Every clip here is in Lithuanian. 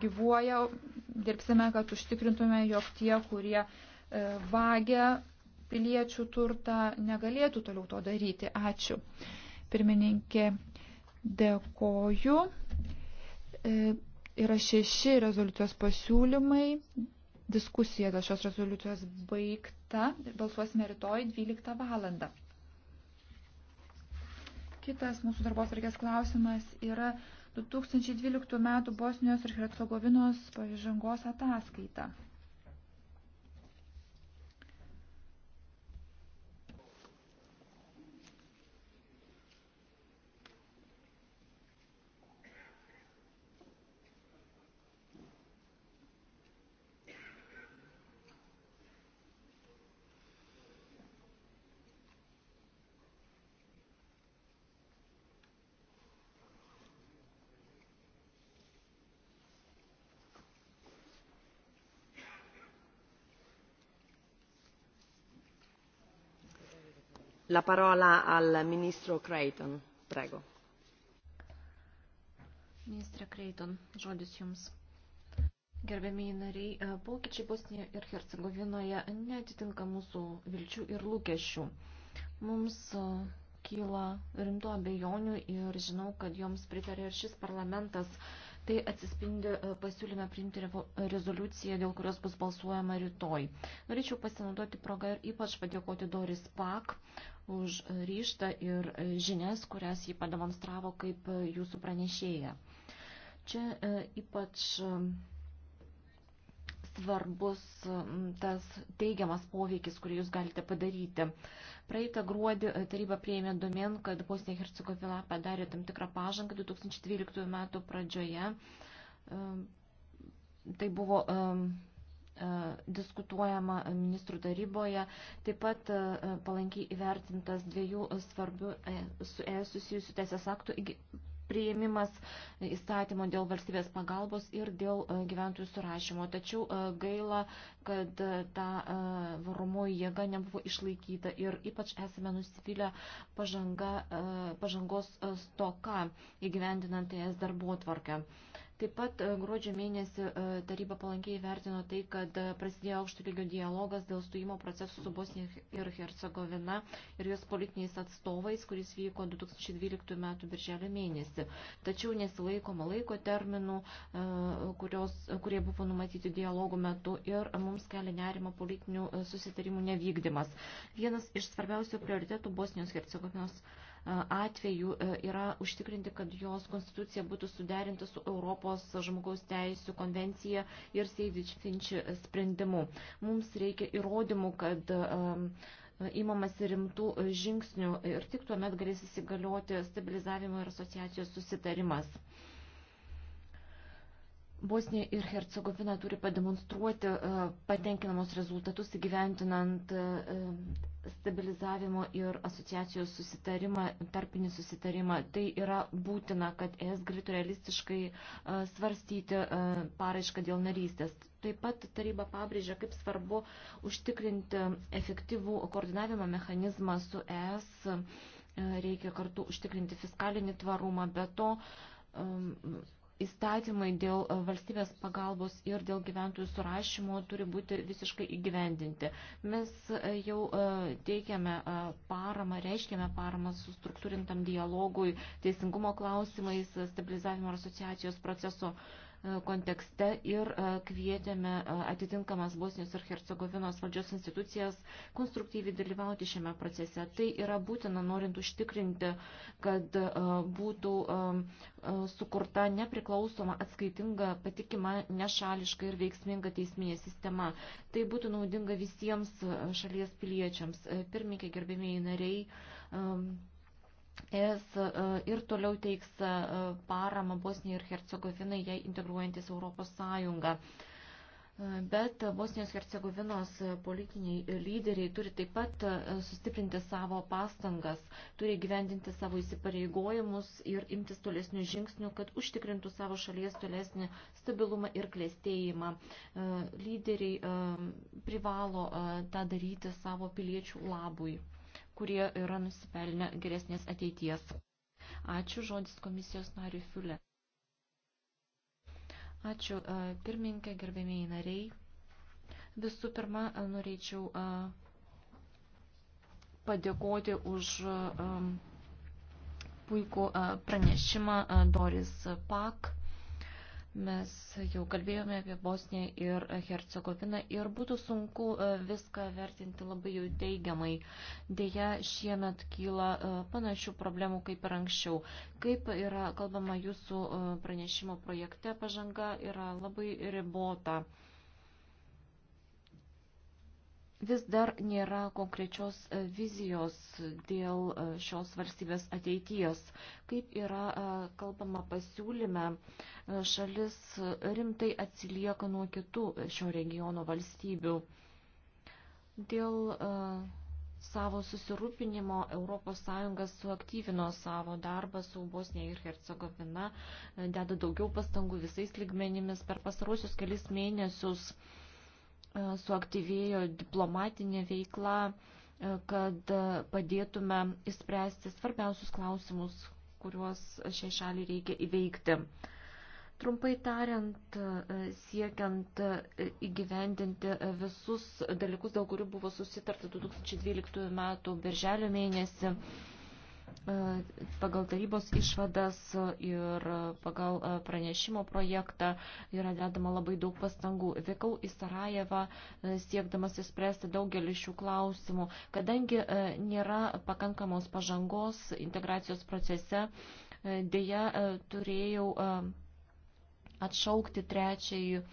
gyvuoja, dirbsime, kad užtikrintume, jog tie, kurie e, vagia piliečių turtą, negalėtų toliau to daryti. Ačiū. Pirmininkė, dėkoju. E, yra šeši rezoliucijos pasiūlymai. Diskusija dėl šios rezoliucijos baigta. Balsuosime rytoj 12 valandą. Kitas mūsų darbos reikia klausimas yra 2012 m. Bosnijos ir Hercegovinos pažangos ataskaitą. la parola al ministro Creighton. Prego. Ministre Creighton, žodis jums. Gerbėmiai nariai, e, pokyčiai Bosnijoje ir Hercegovinoje netitinka mūsų vilčių ir lūkesčių. Mums e, kyla rimtų abejonių ir žinau, kad joms pritarė ir šis parlamentas. Tai atsispindi e, pasiūlyme priimti rezoliuciją, dėl kurios bus balsuojama rytoj. Norėčiau pasinaudoti progą ir ypač padėkoti Doris Pak už ryštą ir e, žinias, kurias jį pademonstravo kaip e, jūsų pranešėja. Čia e, ypač svarbus tas teigiamas poveikis, kurį jūs galite padaryti. Praeitą gruodį taryba prieėmė domen, kad Bosnija Hercegovina padarė tam tikrą pažangą 2012 metų pradžioje. Tai buvo E, diskutuojama ministrų taryboje. Taip pat e, palankiai įvertintas dviejų svarbių e, su ES susijusių teisės aktų priėmimas įstatymo dėl valstybės pagalbos ir dėl gyventojų surašymo. Tačiau gaila, kad ta varomoji jėga nebuvo išlaikyta ir ypač esame nusivylę pažanga, pažangos stoka įgyvendinant jas darbo tvarkę. Taip pat e, gruodžio mėnesį e, taryba palankiai vertino tai, kad e, prasidėjo aukštų lygio dialogas dėl stojimo procesų su Bosnija ir Hercegovina ir jos politiniais atstovais, kuris vyko 2012 m. birželio mėnesį. Tačiau nesilaikoma laiko terminų, kurios, kurie buvo numatyti dialogų metu ir mums kelia nerima politinių susitarimų nevykdymas. Vienas iš svarbiausių prioritetų Bosnijos Hercegovinos atveju e, yra užtikrinti, kad jos konstitucija būtų suderinta su Europos žmogaus teisų konvencija ir Seidič Finči sprendimu. Mums reikia įrodymų, kad įmamasi rimtų žingsnių ir tik tuomet galės įsigalioti stabilizavimo ir asociacijos susitarimas. Bosnija ir Hercegovina turi pademonstruoti e, patenkinamus rezultatus įgyventinant e, stabilizavimo ir asociacijos susitarimą, tarpinį susitarimą. Tai yra būtina, kad ES galėtų realistiškai e, svarstyti paraišką dėl narystės. Taip pat taryba pabrėžia, kaip svarbu užtikrinti efektyvų koordinavimo mechanizmą su ES. Reikia kartu užtikrinti fiskalinį tvarumą, be to įstatymai dėl e, valstybės pagalbos ir dėl gyventojų surašymo turi būti visiškai įgyvendinti. Mes e, jau e, teikiame paramą, reiškiame paramą su struktūrintam dialogui, teisingumo klausimais, stabilizavimo asociacijos proceso E, kontekste ir e, kvietėme e, atitinkamas Bosnijos ir Hercegovinos valdžios institucijas konstruktyviai dalyvauti šiame procese. Tai yra būtina norint užtikrinti, kad būtų sukurta nepriklausoma, atskaitinga, patikima, nešališka ir veiksminga teisminė sistema. Tai būtų naudinga visiems šalies piliečiams. Pirmininkė, gerbėmiai nariai, ES e, ir toliau teiks e, paramą Bosnijai ir Hercegovinai, jai integruojantis Europos Sąjungą. E, bet Bosnijos Hercegovinos politiniai lyderiai turi taip pat sustiprinti savo pastangas, turi gyvendinti savo įsipareigojimus ir imtis tolesnių žingsnių, kad užtikrintų savo šalies tolesnį stabilumą ir klėstėjimą. Lyderiai privalo tą daryti savo piliečių labui kurie yra nusipelnę geresnės ateities. Ačiū žodis komisijos nariui Fiule. Ačiū pirmininkė, gerbėmiai nariai. Visų pirma, norėčiau padėkoti už puikų pranešimą Doris Pak Mes jau kalbėjome apie Bosniją ir Hercegoviną ir būtų sunku e, viską vertinti labai jau teigiamai. Deja, šiemet kyla e, panašių problemų kaip ir anksčiau. Kaip yra kalbama jūsų e, pranešimo projekte, pažanga yra labai ribota vis dar nėra konkrečios e, vizijos dėl e, šios valstybės ateities. Kaip yra e, kalbama pasiūlyme, šalis rimtai atsilieka nuo kitų šio regiono valstybių. Dėl savo susirūpinimo ES suaktyvino savo darbą su Bosnija ir Hercegovina, deda daugiau pastangų visais ligmenimis per pastarosius kelis mėnesius E, suaktyvėjo diplomatinė veikla, e, kad e, padėtume įspręsti svarbiausius klausimus, kuriuos šiai šaliai reikia įveikti. Trumpai tariant, siekiant įgyvendinti visus dalykus, dėl kurių buvo susitarta 2012 m. birželio mėnesį, E, pagal tarybos išvadas ir pagal e, pranešimo projektą yra dedama labai daug pastangų. Vykau į Sarajevą e, siekdamas įspręsti daugelį šių klausimų, kadangi nėra pakankamos pažangos integracijos procese, dėja turėjau atšaukti trečiąjį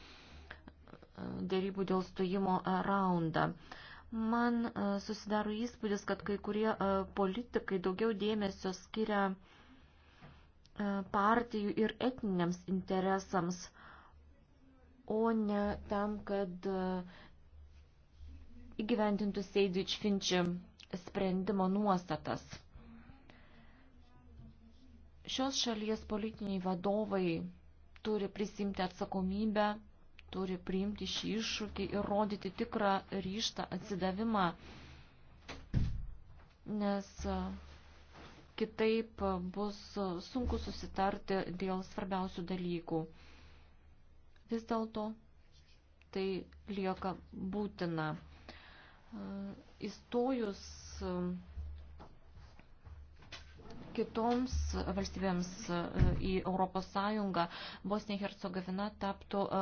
dėrybų dėl stojimo raundą. Man e, susidaro įspūdis, kad kai kurie e, politikai daugiau dėmesio skiria e, partijų ir etniniams interesams, o ne tam, kad įgyventintų Seidič Finči sprendimo nuostatas. Šios šalies politiniai vadovai turi prisimti atsakomybę turi priimti šį iššūkį ir rodyti tikrą ryštą atsidavimą, nes kitaip bus sunku susitarti dėl svarbiausių dalykų. Vis dėlto tai lieka būtina. Įstojus kitoms valstybėms e, į Europos Sąjungą, Bosnija Hercegovina taptų e,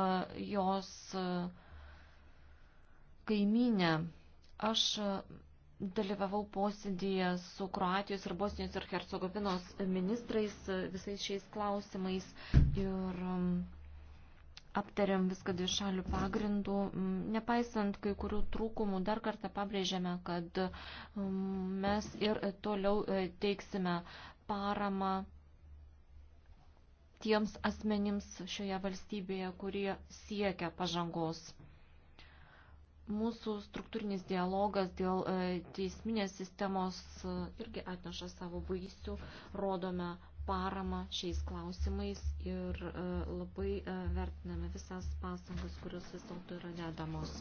jos e, kaiminę. Aš dalyvavau posėdėje su Kroatijos ir Bosnijos ir Hercegovinos ministrais visais šiais klausimais ir aptariam viską dvišalių pagrindų. Mm, nepaisant kai kurių trūkumų, dar kartą pabrėžiame, kad mm, mes ir toliau e, teiksime paramą tiems asmenims šioje valstybėje, kurie siekia pažangos. Mūsų struktūrinis dialogas dėl e, teisminės sistemos e, irgi atneša savo vaisių, rodome paramą šiais klausimais ir e, labai e, vertiname visas pastangas, kurios vis dėlto yra dedamos.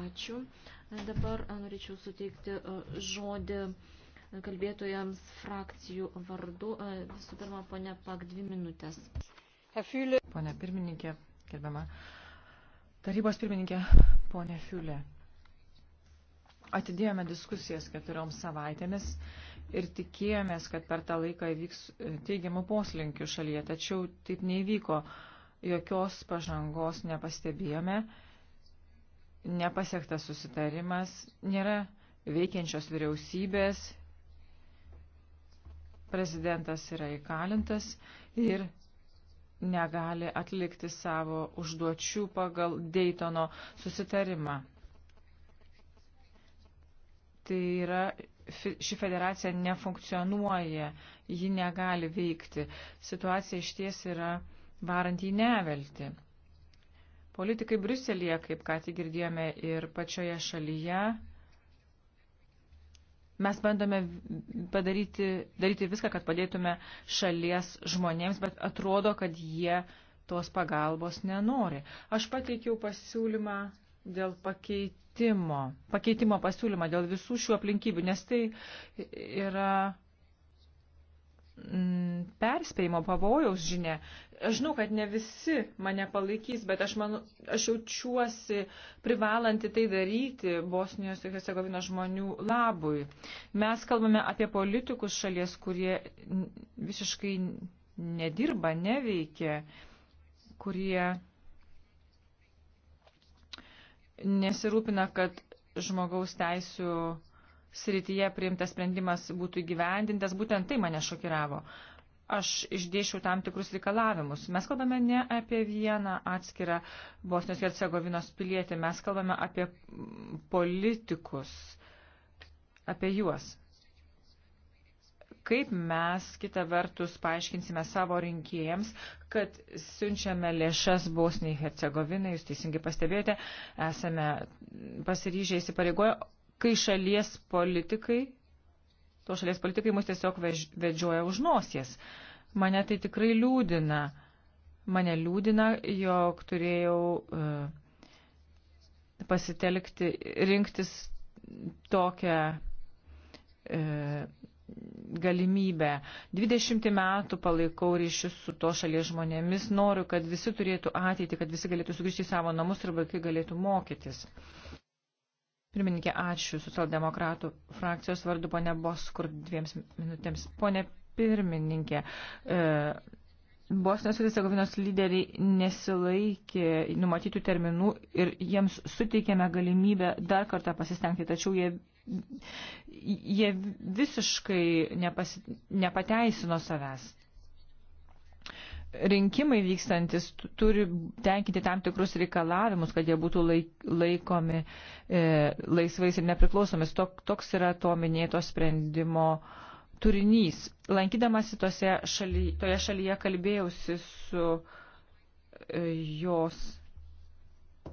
Ačiū. Dabar e, norėčiau suteikti žodį kalbėtojams frakcijų vardu. Visų pirma, ponia Pak, dvi minutės. Pone pirmininkė, gerbiama. Tarybos pirmininkė, ponė Fiulė. Atidėjome diskusijas keturioms savaitėmis ir tikėjomės, kad per tą laiką įvyks e, teigiamų poslinkių šalyje, tačiau taip neįvyko, jokios pažangos nepastebėjome, nepasiektas susitarimas, nėra veikiančios vyriausybės, prezidentas yra įkalintas ir negali atlikti savo užduočių pagal Daytono susitarimą. Tai yra ši federacija nefunkcionuoja, ji negali veikti. Situacija iš ties yra varant į nevelti. Politikai Bruselėje, kaip ką tik girdėjome, ir pačioje šalyje mes bandome padaryti, daryti viską, kad padėtume šalies žmonėms, bet atrodo, kad jie tos pagalbos nenori. Aš pateikiau pasiūlymą dėl pakeitimų pakeitimo, pakeitimo pasiūlymą dėl visų šių aplinkybių, nes tai yra mm, perspėjimo pavojaus žinia. Aš žinau, kad ne visi mane palaikys, bet aš, manu, aš jaučiuosi privalanti tai daryti Bosnijos ir Hercegovino žmonių labui. Mes kalbame apie politikus šalies, kurie visiškai nedirba, neveikia, kurie nesirūpina, kad žmogaus teisų srityje priimtas sprendimas būtų įgyvendintas, būtent tai mane šokiravo. Aš išdėšiau tam tikrus reikalavimus. Mes kalbame ne apie vieną atskirą Bosnijos ir Cegovinos pilietį, mes kalbame apie politikus, apie juos kaip mes kitą vertus paaiškinsime savo rinkėjams, kad siunčiame lėšas Bosniai Hercegovinai, jūs teisingai pastebėjote, esame pasiryžę įsipareigoję, kai šalies politikai, to šalies politikai mus tiesiog vedžioja už nosies. Mane tai tikrai liūdina. Mane liūdina, jog turėjau uh, pasitelkti, rinktis tokią uh, galimybę. 20 metų palaikau ryšius su to šalies žmonėmis, noriu, kad visi turėtų ateitį, kad visi galėtų sugrįžti į savo namus ir vaikai galėtų mokytis. Pirmininkė, ačiū socialdemokratų frakcijos vardu, ponė Boskur, dviems minutėms. Pone pirmininkė, e, Bosnijos ir Hercegovinos lyderiai nesilaikė numatytų terminų ir jiems suteikėme galimybę dar kartą pasistengti, tačiau jie jie visiškai nepasi, nepateisino savęs. Rinkimai vykstantis turi tenkinti tam tikrus reikalavimus, kad jie būtų laik, laikomi e, laisvais ir nepriklausomis. Tok, toks yra to minėto sprendimo turinys. Lankydamasi tose šaly, toje šalyje kalbėjausi su e, jos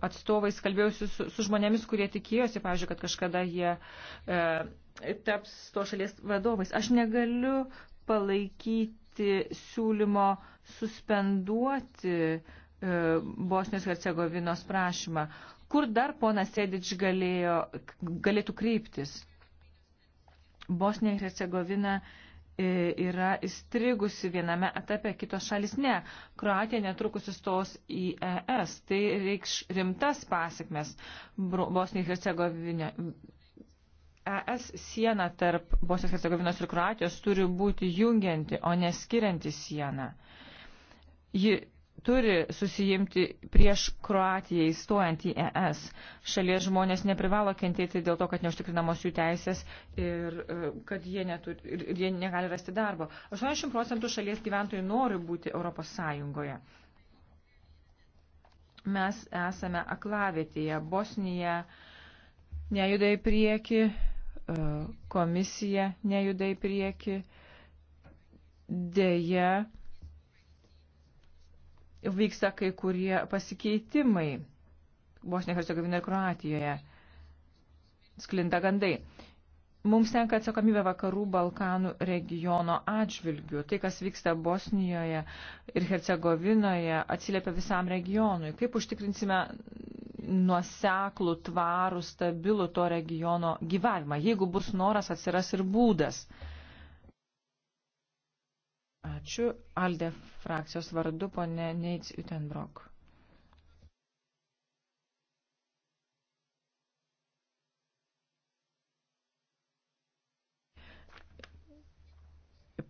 atstovais kalbėjausi su, su žmonėmis, kurie tikėjosi, pavyzdžiui, kad kažkada jie e, taps to šalies vadovais. Aš negaliu palaikyti siūlymo suspenduoti e, Bosnijos Hercegovinos prašymą. Kur dar ponas Sedič galėjo, galėtų kreiptis? Bosnija ir Hercegovina e, E, yra įstrigusi viename etape, kitos šalis ne. Kroatija netrukus įstos į ES. Tai reikš rimtas pasiekmes Bosnijai Hercegovinė. ES siena tarp Bosnijos Hercegovinos ir Kroatijos turi būti jungianti, o neskirianti siena. Ji turi susijimti prieš Kroatiją įstojant į ES. Šalies žmonės neprivalo kentėti dėl to, kad neužtikrinamos jų teisės ir e, kad jie, neturi, ir jie negali rasti darbo. 80 procentų šalies gyventojų nori būti Europos Sąjungoje. Mes esame aklavietėje. Bosnija nejuda į priekį, e, komisija nejuda į priekį. Deja, vyksta kai kurie pasikeitimai Bosnija, Hercegovina ir Kroatijoje. Sklinda gandai. Mums tenka atsakomybė vakarų Balkanų regiono atžvilgių. Tai, kas vyksta Bosnijoje ir Hercegovinoje, atsiliepia visam regionui. Kaip užtikrinsime nuoseklų, tvarų, stabilų to regiono gyvavimą? Jeigu bus noras, atsiras ir būdas. Ačiū. Alde frakcijos vardu, ponė Neits Utenbrok.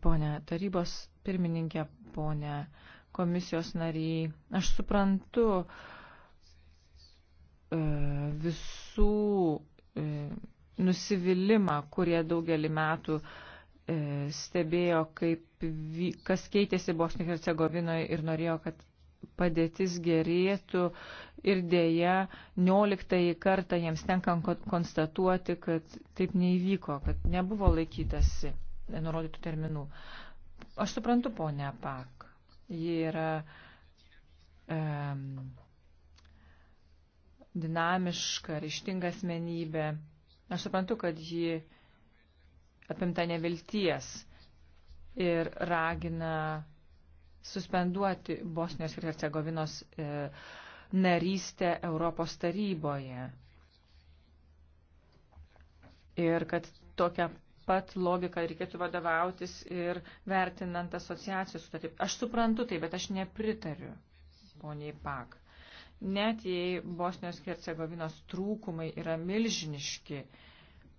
Pone tarybos pirmininkė, pone komisijos nariai, aš suprantu e, visų e, nusivylimą, kurie daugelį metų uh, E, stebėjo, kaip, kas keitėsi Bosnijoje ir Hercegovinoje ir norėjo, kad padėtis gerėtų ir dėja, nioliktąjį kartą jiems tenka konstatuoti, kad taip neįvyko, kad nebuvo laikytasi nurodytų terminų. Aš suprantu, ponia Pak, ji yra um, dinamiška, ryštinga asmenybė. Aš suprantu, kad ji uh, apimta nevilties ir ragina suspenduoti Bosnijos ir Hercegovinos e, narystę Europos taryboje. Ir kad tokia pat logika reikėtų vadovautis ir vertinant asociacijos sutartį. Aš suprantu tai, bet aš nepritariu, poniai Pak. Net jei Bosnijos ir Hercegovinos trūkumai yra milžiniški,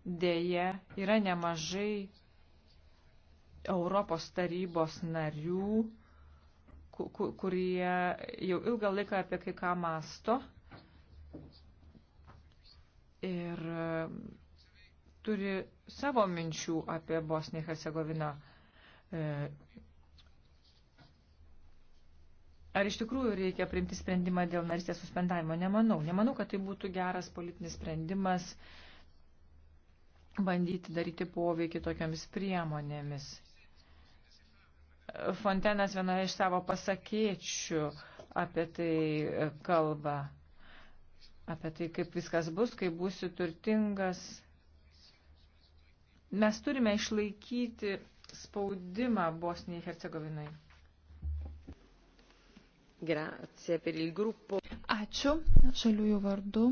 dėje yra nemažai Europos tarybos narių, kurie jau ilgą laiką apie kai ką masto ir e, turi savo minčių apie Bosnį Hercegoviną. E, ar iš tikrųjų reikia priimti sprendimą dėl narystės suspendavimo? Nemanau. Nemanau, kad tai būtų geras politinis sprendimas. Uh, bandyti daryti poveikį tokiamis priemonėmis. Fontenas viena iš savo pasakėčių apie tai kalba, apie tai, kaip viskas bus, kai būsiu turtingas. Mes turime išlaikyti spaudimą Bosnijai Hercegovinai. Ačiū. Šaliųjų vardu.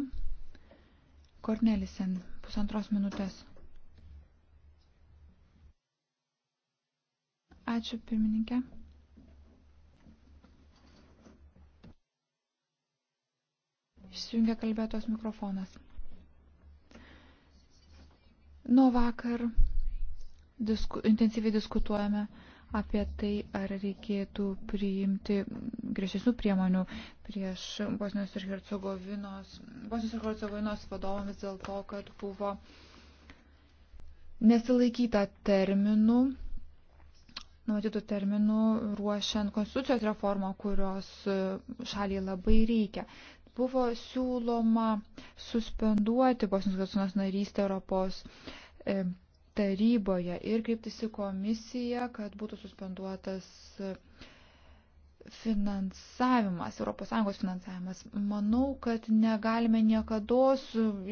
Kornelisen, pusantros minutės. Ačiū pirmininkė. Išsijungia kalbėtos mikrofonas. Nuo vakar disku, intensyviai diskutuojame apie tai, ar reikėtų priimti griežtesnių priemonių prieš Bosnijos ir Hercegovinos, Bosnijos ir Hercegovinos vadovomis dėl to, kad buvo nesilaikyta terminų numatytų terminų ruošiant konstitucijos reformą, kurios e, šaliai labai reikia. Buvo siūloma suspenduoti Bosnijos Hercegovinos narystę Europos e, taryboje ir kreiptis į komisiją, kad būtų suspenduotas e, finansavimas, ES finansavimas. Manau, kad negalime niekada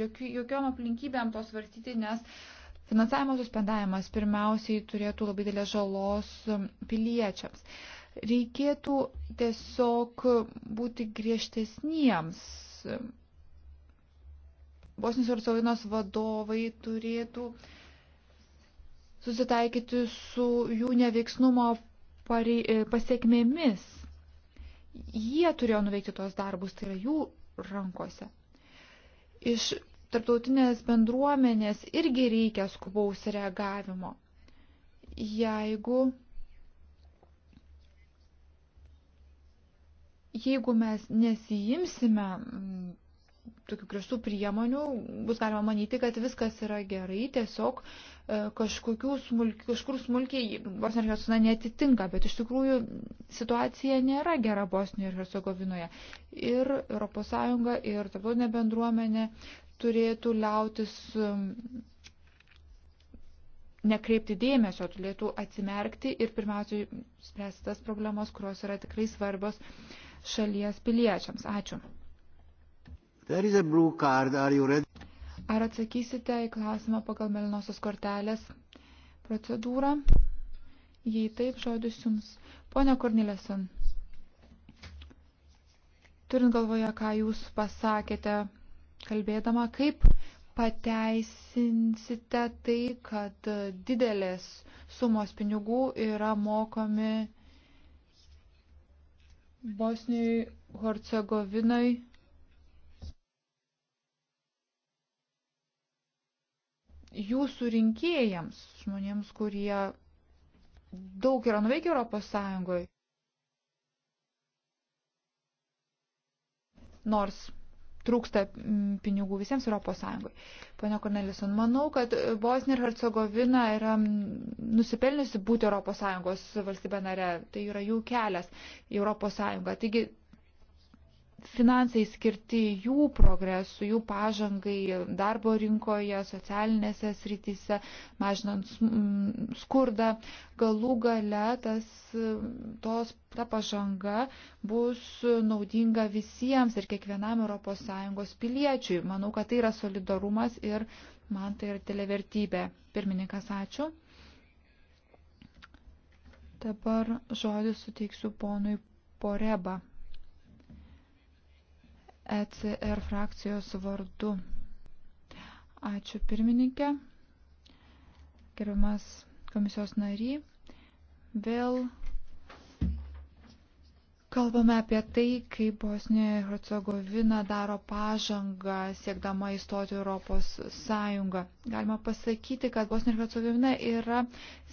jokiom aplinkybėm to svarstyti, nes uh, Finansavimo suspendavimas pirmiausiai turėtų labai dėlės žalos piliečiams. Reikėtų tiesiog būti griežtesniems. Bosnijos ir Hercegovinos vadovai turėtų susitaikyti su jų neveiksnumo e, pasiekmėmis. Jie turėjo nuveikti tos darbus, tai yra jų rankose. Iš tarptautinės bendruomenės irgi reikia skubaus reagavimo. Jeigu, jeigu mes nesijimsime mm, tokių griežtų priemonių, bus galima manyti, kad viskas yra gerai, tiesiog e, kažkokių smulk, kažkur smulkiai Bosnijos ir Hercegovina netitinka, bet iš tikrųjų situacija nėra gera Bosnijoje ir Hercegovinoje. Ir ES, ir tarptautinė bendruomenė turėtų liautis um, nekreipti dėmesio, turėtų atsimerkti ir pirmiausiai spręsti tas problemas, kurios yra tikrai svarbios šalies piliečiams. Ačiū. Ar atsakysite į klausimą pagal melinosios kortelės procedūrą? Jei taip, žodis jums. Pone Kornilėson, turint galvoje, ką jūs pasakėte kalbėdama, kaip pateisinsite tai, kad didelės sumos pinigų yra mokomi Bosnijai, Hercegovinai. Jūsų rinkėjams, žmonėms, kurie daug yra nuveikę Europos Sąjungoje. Nors trūksta mm, pinigų visiems ES. Pane Kornelison, manau, kad Bosnija ir Hercegovina yra mm, nusipelniusi būti ES valstybė nare. Tai yra jų kelias į ES. Taigi finansai skirti jų progresų, jų pažangai darbo rinkoje, socialinėse srityse, mažinant mm, skurdą. Galų gale tas, tos, ta pažanga bus naudinga visiems ir kiekvienam ES piliečiui. Manau, kad tai yra solidarumas ir man tai yra televertybė. Pirmininkas, ačiū. Dabar žodį suteiksiu ponui Poreba. ECR frakcijos vardu. Ačiū pirmininkė, gerbiamas komisijos nary. Vėl kalbame apie tai, kaip Bosnija ir Hercegovina daro pažangą siekdama įstoti Europos Sąjungą. Galima pasakyti, kad Bosnija ir Hercegovina yra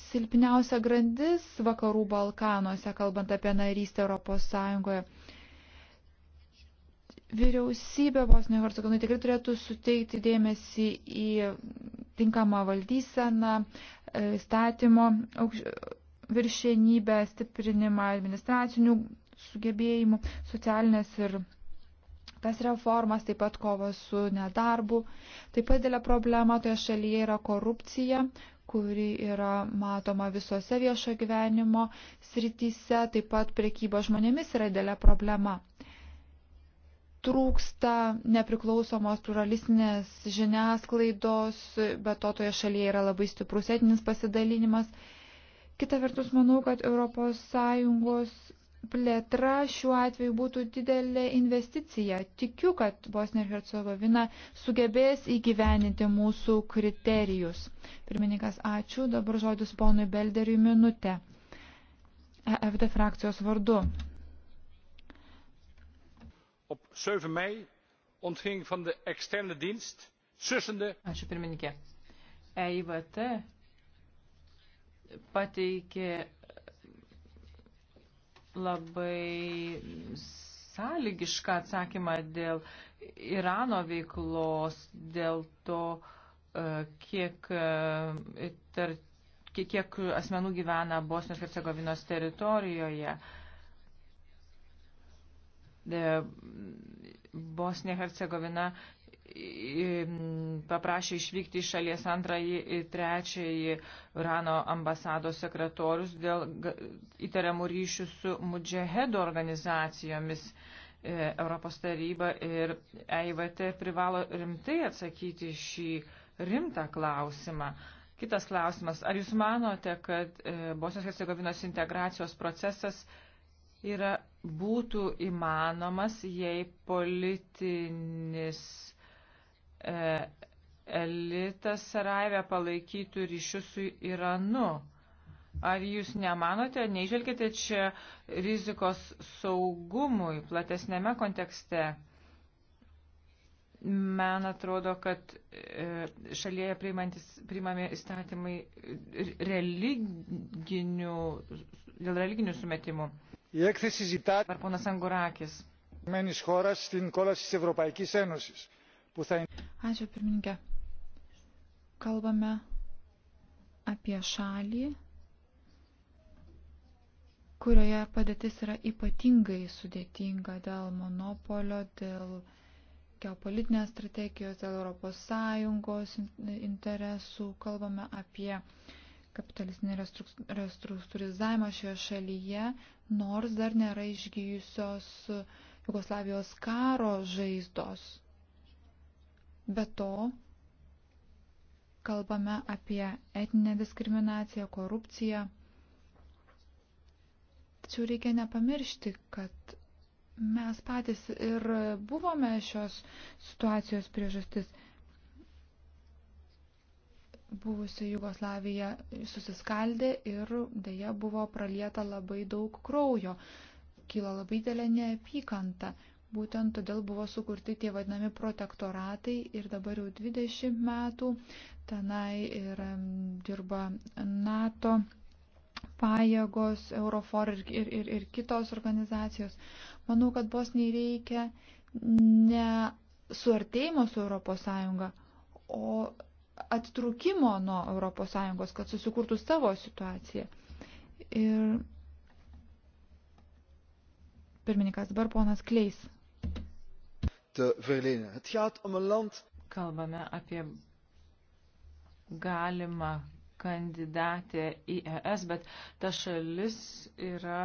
silpniausia grandis vakarų Balkanuose, kalbant apie narystę Europos Sąjungoje. Vyriausybė Bosnijoje Hercegovinai tikrai turėtų suteikti dėmesį į tinkamą valdyseną, e, statymo viršienybę, stiprinimą administracinių sugebėjimų, socialinės ir tas reformas, taip pat kova su nedarbu. Taip pat dėlė problema toje šalyje yra korupcija, kuri yra matoma visose viešo gyvenimo srityse, taip pat prekyba žmonėmis yra dėlė problema trūksta nepriklausomos pluralistinės žiniasklaidos, bet to toje šalyje yra labai stiprus etinis pasidalinimas. Kita vertus, manau, kad ES plėtra šiuo atveju būtų didelė investicija. Tikiu, kad Bosnija ir Hercegovina sugebės įgyveninti mūsų kriterijus. Pirmininkas, ačiū. Dabar žodis ponui Belderiui minutę. EFD frakcijos vardu. 7 mei ontving van de externe dienst sussende. Ačiū pirmininkė. EIVT pateikė labai sąlygišką atsakymą dėl Irano veiklos, dėl to, e, kiek, e, tar, kiek asmenų gyvena Bosnijos ir Cegovinos teritorijoje. E, Bosnė Hercegovina paprašė išvykti iš šalies antrąjį ir trečiąjį Irano ambasados sekretorius dėl įtariamų ryšių su Mudžehedo organizacijomis. E, Europos taryba ir EIVT privalo rimtai atsakyti šį rimtą klausimą. Kitas klausimas. Ar jūs manote, kad e, Bosnijos Hercegovinos integracijos procesas yra būtų įmanomas, jei politinis e, elitas Sarajeve palaikytų ryšius su Iranu. Ar jūs nemanote, neižvelgite čia rizikos saugumui platesnėme kontekste? Man atrodo, kad e, šalyje priimami įstatymai religinių, dėl religinių sumetimų. Η έκθεση ζητά της χώρας στην κόλαση της Ευρωπαϊκής Ένωσης που θα... Ačiū pirmininkė. Kalbame apie šalį, kurioje padėtis yra ypatingai sudėtinga dėl monopolio, dėl geopolitinės strategijos, dėl Europos Sąjungos interesų. Kalbame apie uh, kapitalistinį restruktūrizavimą šioje šalyje, nors dar nėra išgyjusios Jugoslavijos karo žaizdos. Be to, kalbame apie etinę diskriminaciją, korupciją. Tačiau reikia nepamiršti, kad mes patys ir buvome šios situacijos priežastis buvusi Jugoslavija susiskaldė ir dėja buvo pralieta labai daug kraujo, kilo labai dėlė neapykanta. Būtent todėl buvo sukurti tie vadinami protektoratai ir dabar jau 20 metų tenai ir dirba NATO pajėgos, Eurofor ir, ir, ir, ir kitos organizacijos. Manau, kad Bosnijai reikia ne suartėjimo su ES, o attrukimo nuo ES, kad susikurtų savo situaciją. Ir pirmininkas dabar ponas Kleis. Kalbame apie galimą kandidatę į ES, bet ta šalis yra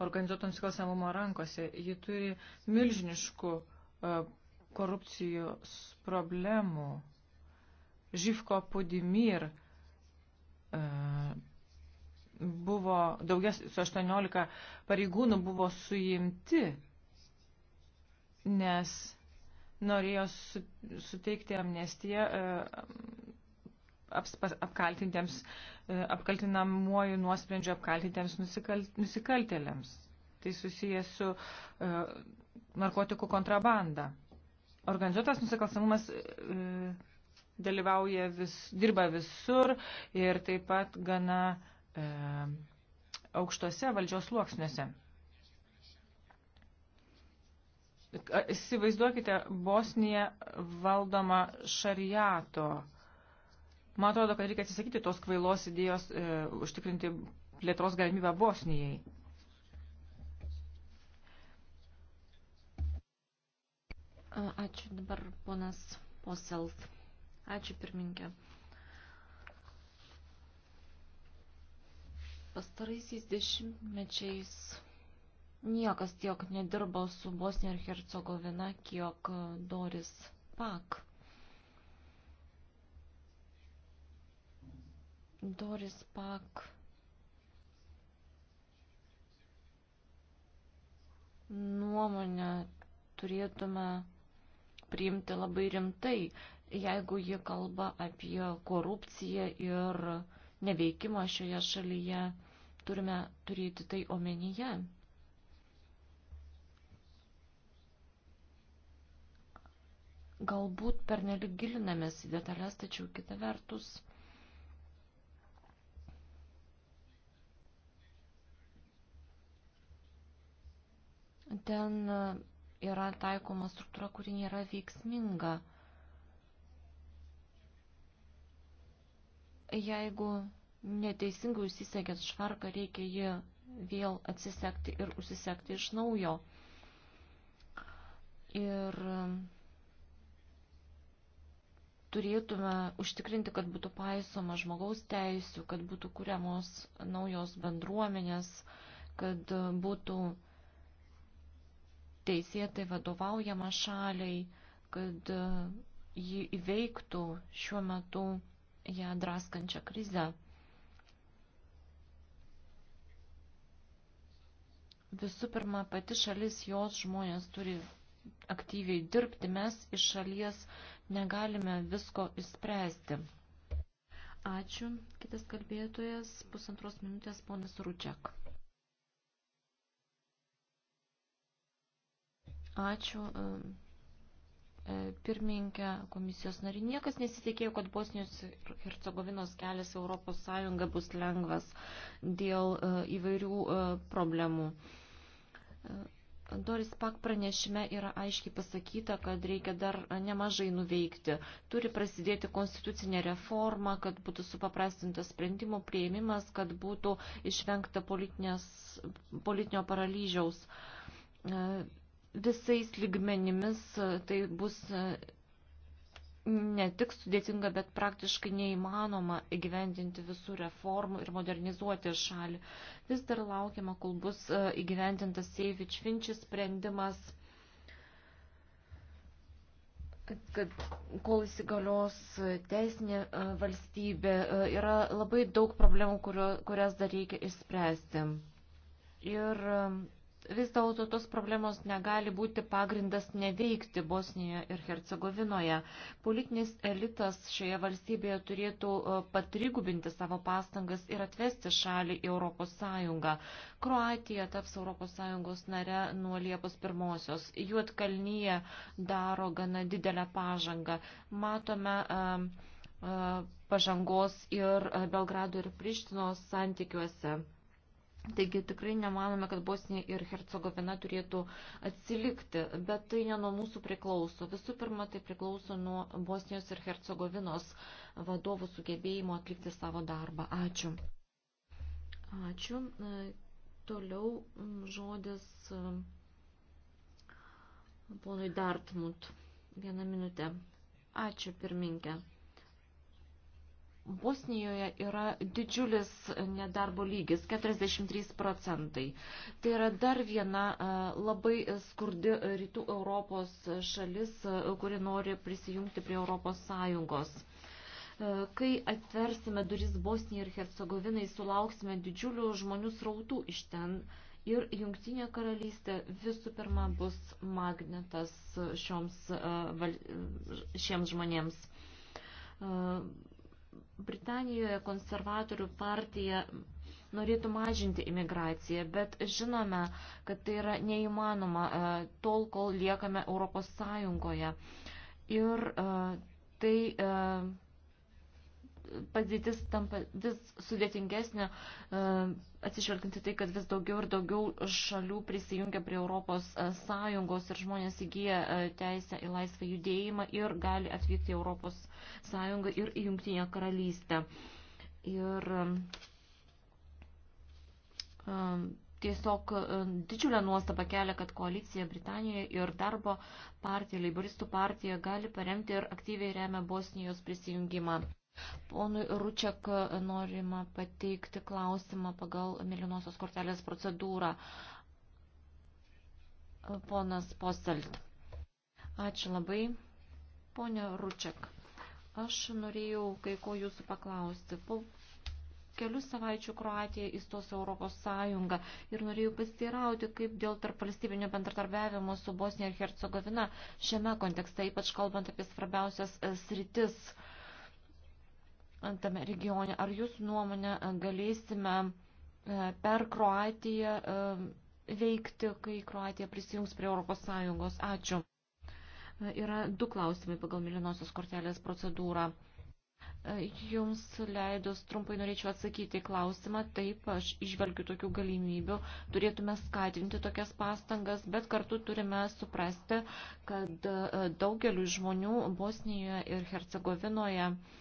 organizuoto nusikalstamumo rankose. Ji turi milžiniškų e, korupcijos problemų. Živko Pudimir e, buvo, daugias su 18 pareigūnų buvo suimti, nes norėjo su, suteikti amnestiją e, aps, apkaltintiems, e, apkaltinamuoju nuosprendžiu apkaltintiems nusikalt, nusikaltėliams. Tai susijęs su narkotikų kontrabanda. Organizuotas nusikalstamumas dalyvauja vis, dirba visur ir taip pat gana e, aukštose valdžios sluoksniuose. Įsivaizduokite Bosniją valdomą šariato. Man atrodo, kad reikia atsisakyti tos kvailos idėjos e, užtikrinti plėtros galimybę Bosnijai. Ačiū dabar ponas Poselt. Ačiū pirminkė. Pastaraisiais dešimtmečiais niekas tiek nedirbo su Bosnija ir Hercegovina, kiek Doris Pak. Doris Pak nuomonę turėtume priimti labai rimtai jeigu ji kalba apie korupciją ir neveikimą šioje šalyje, turime turėti tai omenyje. Galbūt pernelik gilinamės į detalės, tačiau kita vertus. Ten yra taikoma struktūra, kuri nėra veiksminga. Jeigu neteisingai užsisekęs švarką, reikia jį vėl atsisekti ir užsisekti iš naujo. Ir turėtume užtikrinti, kad būtų paisoma žmogaus teisų, kad būtų kuriamos naujos bendruomenės, kad būtų teisėtai vadovaujama šaliai, kad ji įveiktų šiuo metu ją draskančią krizę. Visų pirma, pati šalis, jos žmonės turi aktyviai dirbti, mes iš šalies negalime visko išspręsti. Ačiū. Kitas kalbėtojas, pusantros minutės, ponas Rūčiak. Ačiū. E, pirmininkę, komisijos narių. Niekas nesitikėjo, kad Bosnijos ir Hercegovinos kelias Europos Sąjunga bus lengvas dėl e, įvairių e, problemų. Doris Pak pranešime yra aiškiai pasakyta, kad reikia dar nemažai nuveikti. Turi prasidėti konstitucinė reforma, kad būtų supaprastintas sprendimų prieimimas, kad būtų išvengta politinio paralyžiaus visais ligmenimis e, tai bus e, ne tik sudėtinga, bet praktiškai neįmanoma įgyvendinti visų reformų ir modernizuoti šalį. Vis dar laukiama, kol bus e, įgyvendintas Seivič Vinčis sprendimas, kad kol įsigalios teisinė valstybė, yra labai daug problemų, kurio, kurias dar reikia išspręsti. Ir vis dėlto tos problemos negali būti pagrindas neveikti Bosnijoje ir Hercegovinoje. Politinis elitas šioje valstybėje turėtų e, patrigubinti savo pastangas ir atvesti šalį į Europos Sąjungą. Kroatija taps Europos Sąjungos nare nuo Liepos pirmosios. Juotkalnyje daro gana didelę pažangą. Matome e, e, pažangos ir Belgrado ir Prištinos santykiuose. Taigi tikrai nemanome, kad Bosnija ir Hercegovina turėtų atsilikti, bet tai ne nuo mūsų priklauso. Visų pirma, tai priklauso nuo Bosnijos ir Hercegovinos vadovų sugebėjimo atlikti savo darbą. Ačiū. Ačiū. Toliau žodis ponui Dartmut. Vieną minutę. Ačiū, pirminkė. Bosnijoje yra didžiulis nedarbo lygis - 43 procentai. Tai yra dar viena e, labai skurdi rytų Europos šalis, e, kuri nori prisijungti prie Europos Sąjungos. E, kai atversime duris Bosnijai ir Hercegovinai, sulauksime didžiulių žmonių srautų iš ten. Ir jungtinė karalystė visų pirma bus magnetas šioms, šiems žmonėms Britanijoje konservatorių partija norėtų mažinti imigraciją, bet žinome, kad tai yra neįmanoma e, tol, kol liekame Europos Sąjungoje. Ir e, tai e, padėtis tampa vis sudėtingesnė, e, atsižvelgiant į tai, kad vis daugiau ir daugiau šalių prisijungia prie Europos e, Sąjungos ir žmonės įgyja e, teisę į laisvą judėjimą ir gali atvykti į Europos Sąjungą ir į Jungtinę karalystę. Ir tiesiog didžiulę nuostabą kelia, kad koalicija Britanijoje ir darbo partija, leiboristų partija gali paremti ir aktyviai remia Bosnijos prisijungimą. Ponui Ručiak norima pateikti klausimą pagal Milinosios kortelės procedūrą. Ponas Postelt. Ačiū labai. Pone Ručiak, aš norėjau kai ko jūsų paklausti. Po kelių savaičių Kroatija įstos Europos Sąjungą ir norėjau pasiteirauti, kaip dėl tarp valstybinio bendradarbiavimo su Bosnija ir Hercegovina šiame kontekste, ypač kalbant apie svarbiausias e, sritis. E, tame regione. Ar jūsų nuomonė e, galėsime e, per Kroatiją e, veikti, kai Kroatija prisijungs prie Europos Sąjungos? Ačiū. Yra du klausimai pagal Milinosios kortelės procedūrą. Jums leidus trumpai norėčiau atsakyti klausimą. Taip, aš išvelgiu tokių galimybių. Turėtume skatinti tokias pastangas, bet kartu turime suprasti, kad daugeliu žmonių Bosnijoje ir Hercegovinoje uh,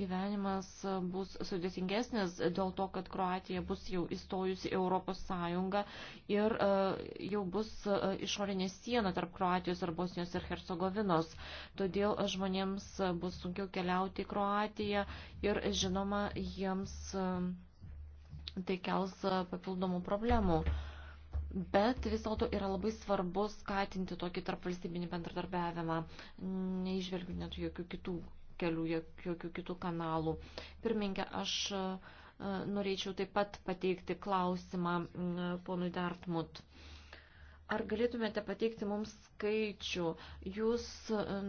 gyvenimas bus sudėtingesnis dėl to, kad Kroatija bus jau įstojusi Europos Sąjungą ir e, jau bus e, išorinė siena tarp Kroatijos ir Bosnijos ir Hercegovinos. Todėl žmonėms bus sunkiau keliauti į Kroatiją ir, žinoma, jiems e, tai kels papildomų problemų. Bet vis dėlto yra labai svarbu skatinti tokį tarpvalstybinį bendradarbiavimą. Neižvelgiu net jokių kitų kelių, jokių kitų kanalų. Pirmininkė, aš e, norėčiau taip pat pateikti klausimą ponui Dartmut. Ar galėtumėte pateikti mums skaičių? Jūs e,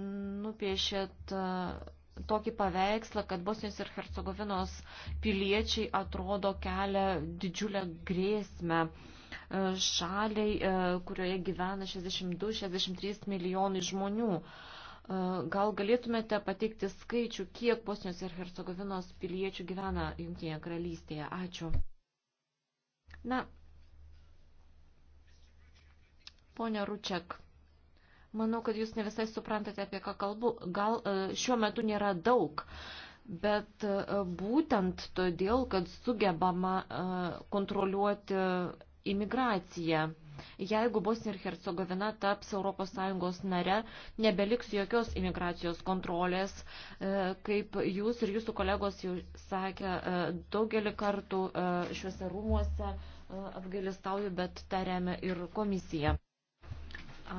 nupiešėt e, tokį paveikslą, kad Bosnijos ir Hercegovinos piliečiai atrodo kelia didžiulę grėsmę šaliai, kurioje gyvena 62-63 milijonai žmonių. Gal galėtumėte pateikti skaičių, kiek Bosnios ir Hercegovinos piliečių gyvena Junktinėje karalystėje? Ačiū. Na, ponia Ručiak, manau, kad jūs ne visai suprantate, apie ką kalbu. Gal šiuo metu nėra daug, bet būtent todėl, kad sugebama kontroliuoti imigraciją Jeigu Bosnija ir Hercegovina taps ES nare, nebeliks jokios imigracijos kontrolės, e, kaip jūs ir jūsų kolegos jau sakė e, daugelį kartų e, šiuose rūmuose apgailestauju, bet tariame ir komisiją.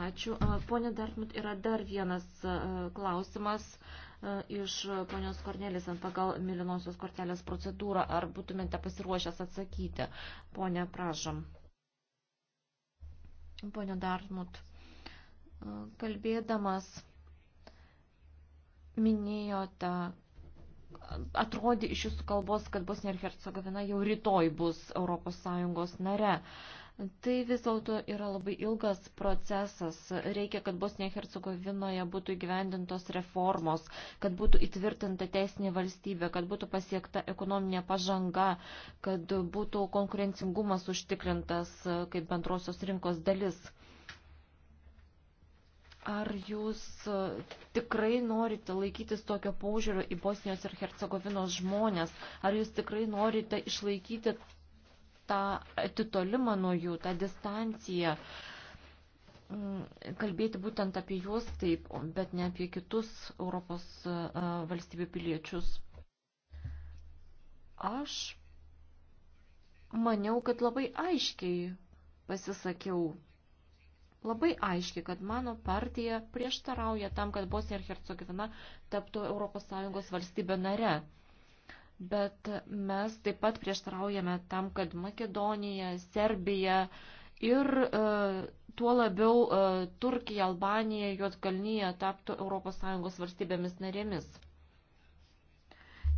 Ačiū. Pone Dartmut, yra dar vienas klausimas iš ponios Kornelis ant pagal Milinosios kortelės procedūrą. Ar būtumėte pasiruošęs atsakyti? Pone, prašom. Pone Dartmut, e, kalbėdamas minėjote, atrodė iš jūsų kalbos, kad Bosnija ir Hercegovina jau rytoj bus ES nare. Tai vis dėlto yra labai ilgas procesas. Reikia, kad Bosnija Hercegovinoje būtų įgyvendintos reformos, kad būtų įtvirtinta teisinė valstybė, kad būtų pasiekta ekonominė pažanga, kad būtų konkurencingumas užtikrintas kaip bendrosios rinkos dalis. Ar jūs tikrai norite laikytis tokio paužiūrio į Bosnijos ir Hercegovinos žmonės? Ar jūs tikrai norite išlaikyti tą atitolimą nuo jų, tą distanciją, mm, kalbėti būtent apie juos taip, bet ne apie kitus Europos e, valstybių piliečius. Aš maniau, kad labai aiškiai pasisakiau labai aiški, kad mano partija prieštarauja tam, kad Bosnija ir Hercegovina taptų ES valstybė nare bet mes taip pat prieštraujame tam, kad Makedonija, Serbija ir e, tuo labiau e, Turkija, Albanija, Juotkalnyje taptų ES valstybėmis narėmis.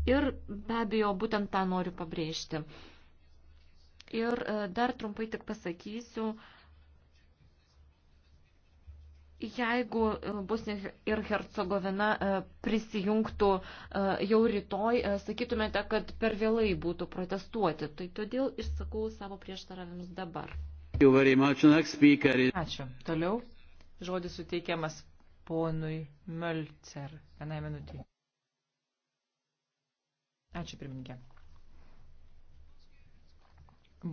Ir be abejo, būtent tą noriu pabrėžti. Ir e, dar trumpai tik pasakysiu, e, Jeigu e, Bosnija ir Hercegovina e, prisijungtų e, jau rytoj, sakytumėte, kad per vėlai būtų protestuoti. Tai todėl išsakau savo prieštaravimus dabar. Ačiū. Toliau žodis suteikiamas ponui Mölcer. Vienai minutį. Ačiū, pirmininkė.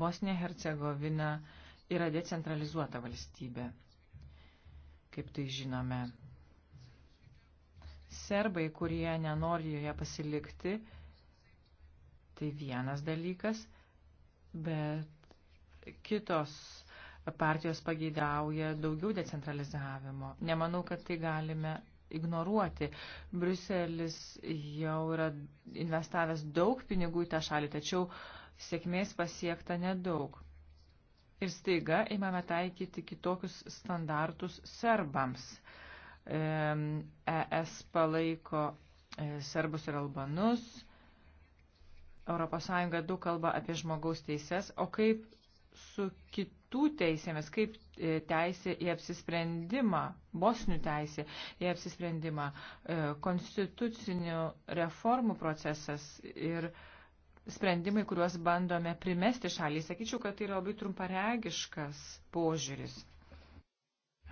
Bosnija Hercegovina yra decentralizuota valstybė kaip tai žinome. Serbai, kurie nenori joje pasilikti, tai vienas dalykas, bet kitos partijos pageidauja daugiau decentralizavimo. Nemanau, kad tai galime ignoruoti. Bruselis jau yra investavęs daug pinigų į tą šalį, tačiau sėkmės pasiekta nedaug ir staiga imame taikyti kitokius standartus serbams. ES e palaiko e, serbus ir albanus, ES daug kalba apie žmogaus teises, o kaip su kitų teisėmis, kaip e, teisė į apsisprendimą, bosnių teisė į apsisprendimą, konstitucinių reformų procesas ir e, sprendimai, kuriuos bandome primesti šaliai. Sakyčiau, kad tai yra labai trumparegiškas požiūris.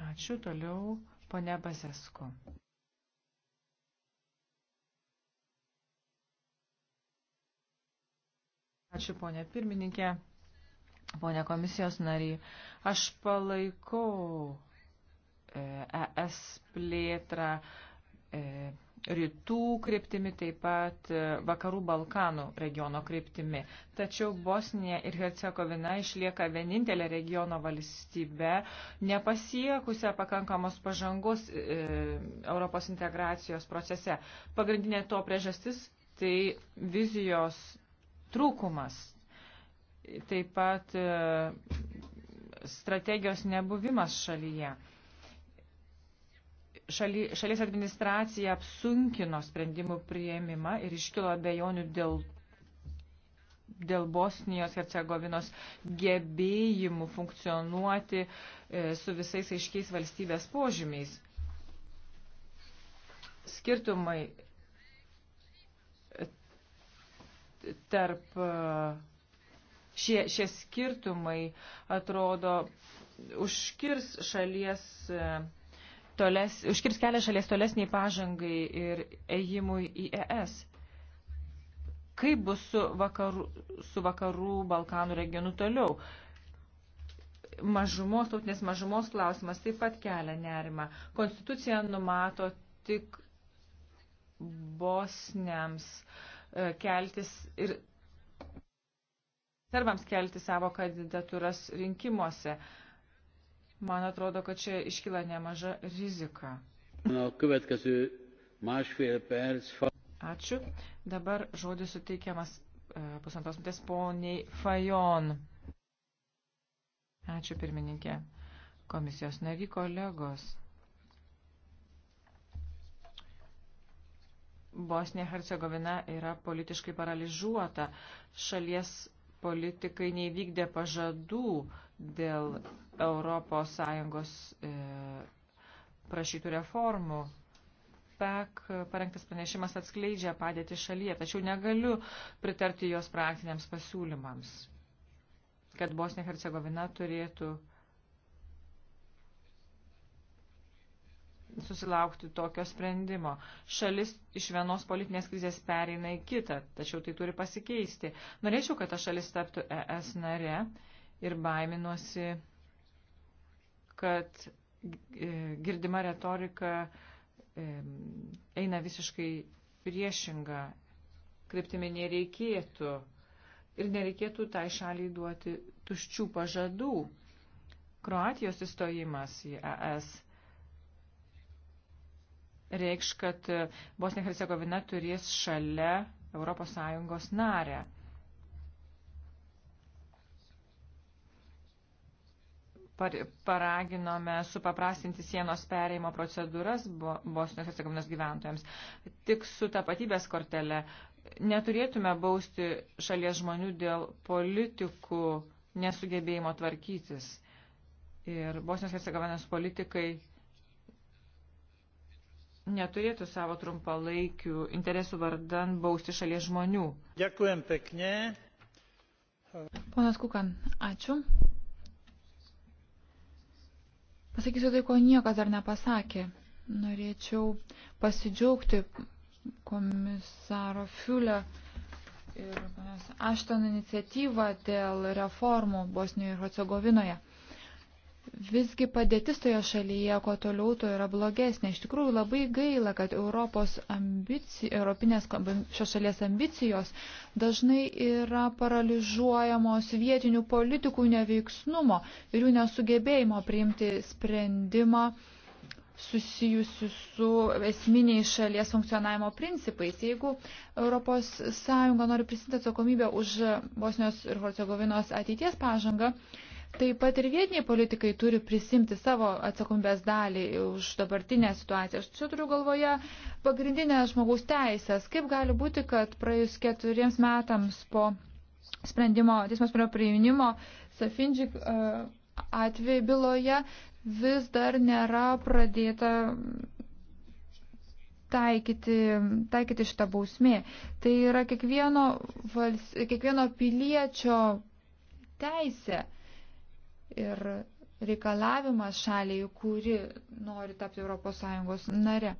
Ačiū toliau, ponia Bazesko. Ačiū, ponia pirmininkė, ponia komisijos nariai. Aš palaikau ES e plėtrą. E, rytų kryptimi, taip pat e, vakarų Balkanų regiono kryptimi. Tačiau Bosnija ir Hercegovina išlieka vienintelė regiono valstybė, nepasiekusia pakankamos pažangus e, Europos integracijos procese. Pagrindinė to priežastis tai vizijos trūkumas, taip pat e, strategijos nebuvimas šalyje šali, šalies administracija apsunkino sprendimų prieimimą ir iškilo abejonių dėl, dėl Bosnijos Hercegovinos gebėjimų funkcionuoti e, su visais aiškiais valstybės požymiais. Skirtumai e, tarp e, šie, šie skirtumai atrodo užkirs šalies e, toles, užkirs kelią šalies tolesniai pažangai ir ėjimui į ES. Kaip bus su vakarų, su vakarų Balkanų regionu toliau? Mažumos, tautinės mažumos klausimas taip pat kelia nerima. Konstitucija numato tik bosniams e, keltis ir serbams kelti savo kandidatūras rinkimuose. Uh, Man atrodo, kad čia iškyla nemaža rizika. Ačiū. Dabar žodis suteikiamas e, pusantros minutės poniai Fajon. Ačiū pirmininkė. Komisijos nary kolegos. Bosnija Hercegovina yra politiškai paralyžiuota. Šalies politikai neįvykdė pažadų dėl Europos Sąjungos e, prašytų reformų. PEC parengtas pranešimas atskleidžia padėti šalyje, tačiau negaliu pritarti jos praktiniams pasiūlymams, kad Bosnija Hercegovina turėtų susilaukti tokio sprendimo. Šalis iš vienos politinės krizės pereina į kitą, tačiau tai turi pasikeisti. Norėčiau, kad ta šalis taptų ES nare ir baiminuosi kad girdima retorika eina visiškai priešinga kryptimi nereikėtų. Ir nereikėtų tai šaliai duoti tuščių pažadų. Kroatijos įstojimas į ES reikš, kad Bosnija Hercegovina turės šalia ES narę. paraginome supaprastinti sienos pereimo procedūras Bosnijos Hercegovinos gyventojams. Tik su tapatybės kortelė neturėtume bausti šalies žmonių dėl politikų nesugebėjimo tvarkytis. Ir Bosnijos Hercegovinos politikai neturėtų savo trumpalaikių interesų vardan bausti šalies žmonių. Dėkuojam pekne. Ponas Kukan, ačiū. Pasakysiu tai, ko niekas dar nepasakė. Norėčiau pasidžiaugti komisaro Fiulio ir ašton iniciatyvą dėl reformų Bosnijoje ir Hercegovinoje. Visgi padėtis toje šalyje, kuo toliau, to yra blogesnė. Iš tikrųjų labai gaila, kad Europos ambici, Europinės šios šalies ambicijos dažnai yra paralyžiuojamos vietinių politikų neveiksnumo ir jų nesugebėjimo priimti sprendimą susijusių su esminiais šalies funkcionavimo principais. Jeigu ES nori prisimti atsakomybę už Bosnijos ir Hercegovinos ateities pažangą, Taip pat ir vietiniai politikai turi prisimti savo atsakomybės dalį už dabartinę situaciją. Aš čia turiu galvoje pagrindinę žmogaus teisės. Kaip gali būti, kad praėjus keturiems metams po sprendimo, teismo sprendimo priimimo, Safindžik e, atveju byloje vis dar nėra pradėta taikyti, taikyti šitą bausmė. Tai yra kiekvieno, vals, kiekvieno piliečio teisė ir reikalavimas šaliai, kuri nori tapti ES nare.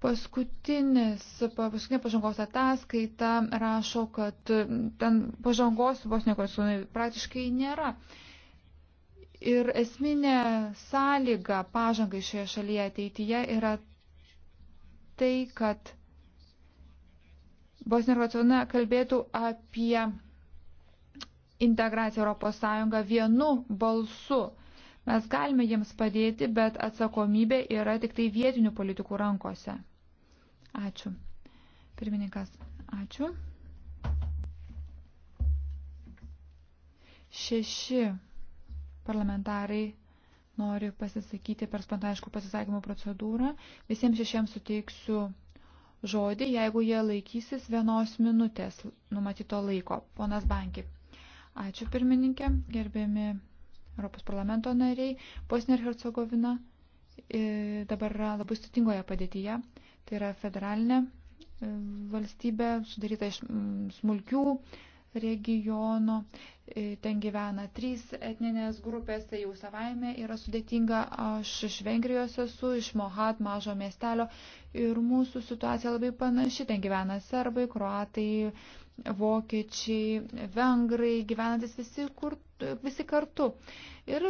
Paskutinis, paskutinė pažangos ataskaita rašo, kad ten pažangos Bosnijos praktiškai nėra. Ir esminė sąlyga pažangai šioje šalyje ateityje yra tai, kad Bosnija ir Hercegovina kalbėtų apie integraciją Europos Sąjungą vienu balsu. Mes galime jiems padėti, bet atsakomybė yra tik tai vietinių politikų rankose. Ačiū. Pirmininkas, ačiū. Šeši parlamentarai nori pasisakyti per spontaniškų pasisakymų procedūrą. Visiems šešiems suteiksiu žodį, jeigu jie laikysis vienos minutės numatyto laiko. Ponas Banki. Ačiū pirmininkė, gerbėmi Europos parlamento nariai. Bosnija ir Hercegovina dabar yra labai sutingoje padėtyje. Tai yra federalinė e, valstybė sudaryta iš smulkių regiono. E, ten gyvena trys etninės grupės, tai jau savaime yra sudėtinga. Aš iš Vengrijos esu, iš Mohat mažo miestelio ir mūsų situacija labai panaši. Ten gyvena serbai, kroatai, vokiečiai, vengrai, gyvenantis visi, kur, visi kartu. Ir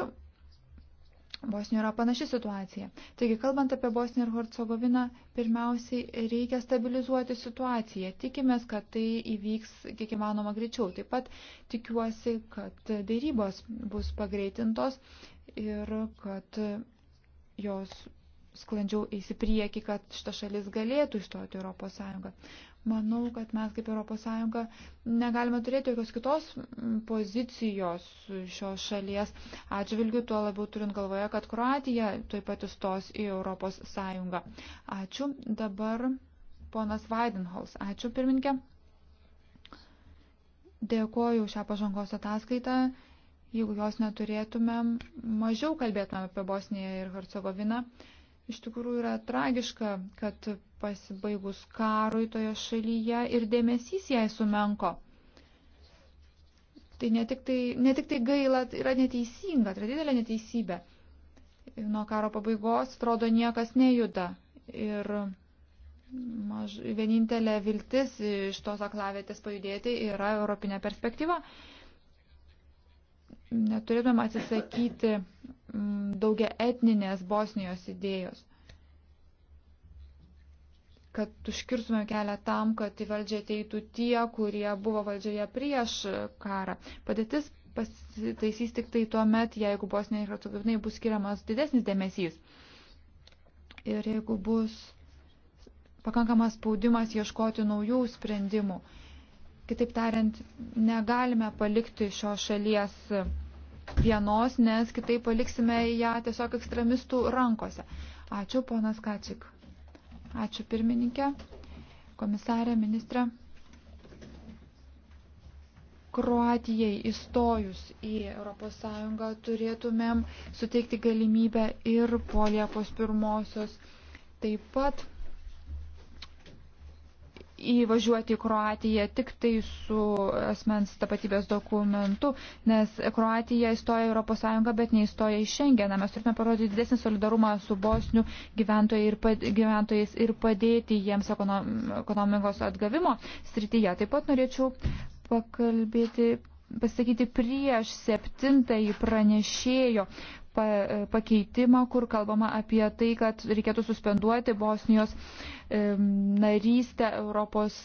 Bosnijoje yra panaši situacija. Taigi, kalbant apie Bosniją ir Hercegoviną, pirmiausiai reikia stabilizuoti situaciją. Tikimės, kad tai įvyks kiek įmanoma greičiau. Taip pat tikiuosi, kad dėrybos bus pagreitintos ir kad jos sklandžiau eis į priekį, kad šita šalis galėtų išstoti Europos Sąjungą manau, kad mes kaip ES negalime turėti jokios kitos pozicijos šios šalies atžvilgių, tuo labiau turint galvoje, kad Kroatija taip pat įstos į ES. Ačiū. Dabar ponas Vaidenhols. Ačiū, pirminkė. Dėkoju šią pažangos ataskaitą. Jeigu jos neturėtumėm, mažiau kalbėtumėm apie Bosniją ir Hercegoviną. Iš tikrųjų yra tragiška, kad pasibaigus karui toje šalyje ir dėmesys jai sumenko. Tai ne tik tai, ne tik tai gaila, tai yra neteisinga, tai yra didelė neteisybė. Nuo karo pabaigos, atrodo, niekas nejuda. Ir maž, vienintelė viltis iš tos aklavėtės pajudėti yra europinė perspektyva. Neturėtume atsisakyti daugia etninės Bosnijos idėjos kad užkirtume kelią tam, kad į valdžią ateitų tie, kurie buvo valdžioje prieš karą. Padėtis pasitaisys tik tai tuo met, jeigu Bosnijai ir Hercegovinai bus skiriamas didesnis dėmesys. Ir jeigu bus pakankamas spaudimas ieškoti naujų sprendimų. Kitaip tariant, negalime palikti šios šalies vienos, nes kitaip paliksime ją tiesiog ekstremistų rankose. Ačiū, ponas Kačik. Ačiū pirmininkė, komisarė, ministrė. Kroatijai įstojus į ES turėtumėm suteikti galimybę ir po Liepos pirmosios. Taip pat įvažiuoti į Kroatiją tik tai su asmens tapatybės dokumentu, nes Kroatija įstoja Europos Sąjungą, bet neįstoja į Šengeną. Mes turime parodyti didesnį solidarumą su bosnių gyventojai ir pad, gyventojais ir padėti jiems ekonomikos atgavimo srityje. Taip pat norėčiau pakalbėti pasakyti prieš septintąjį pranešėjo pakeitimą, kur kalbama apie tai, kad reikėtų suspenduoti Bosnijos narystę Europos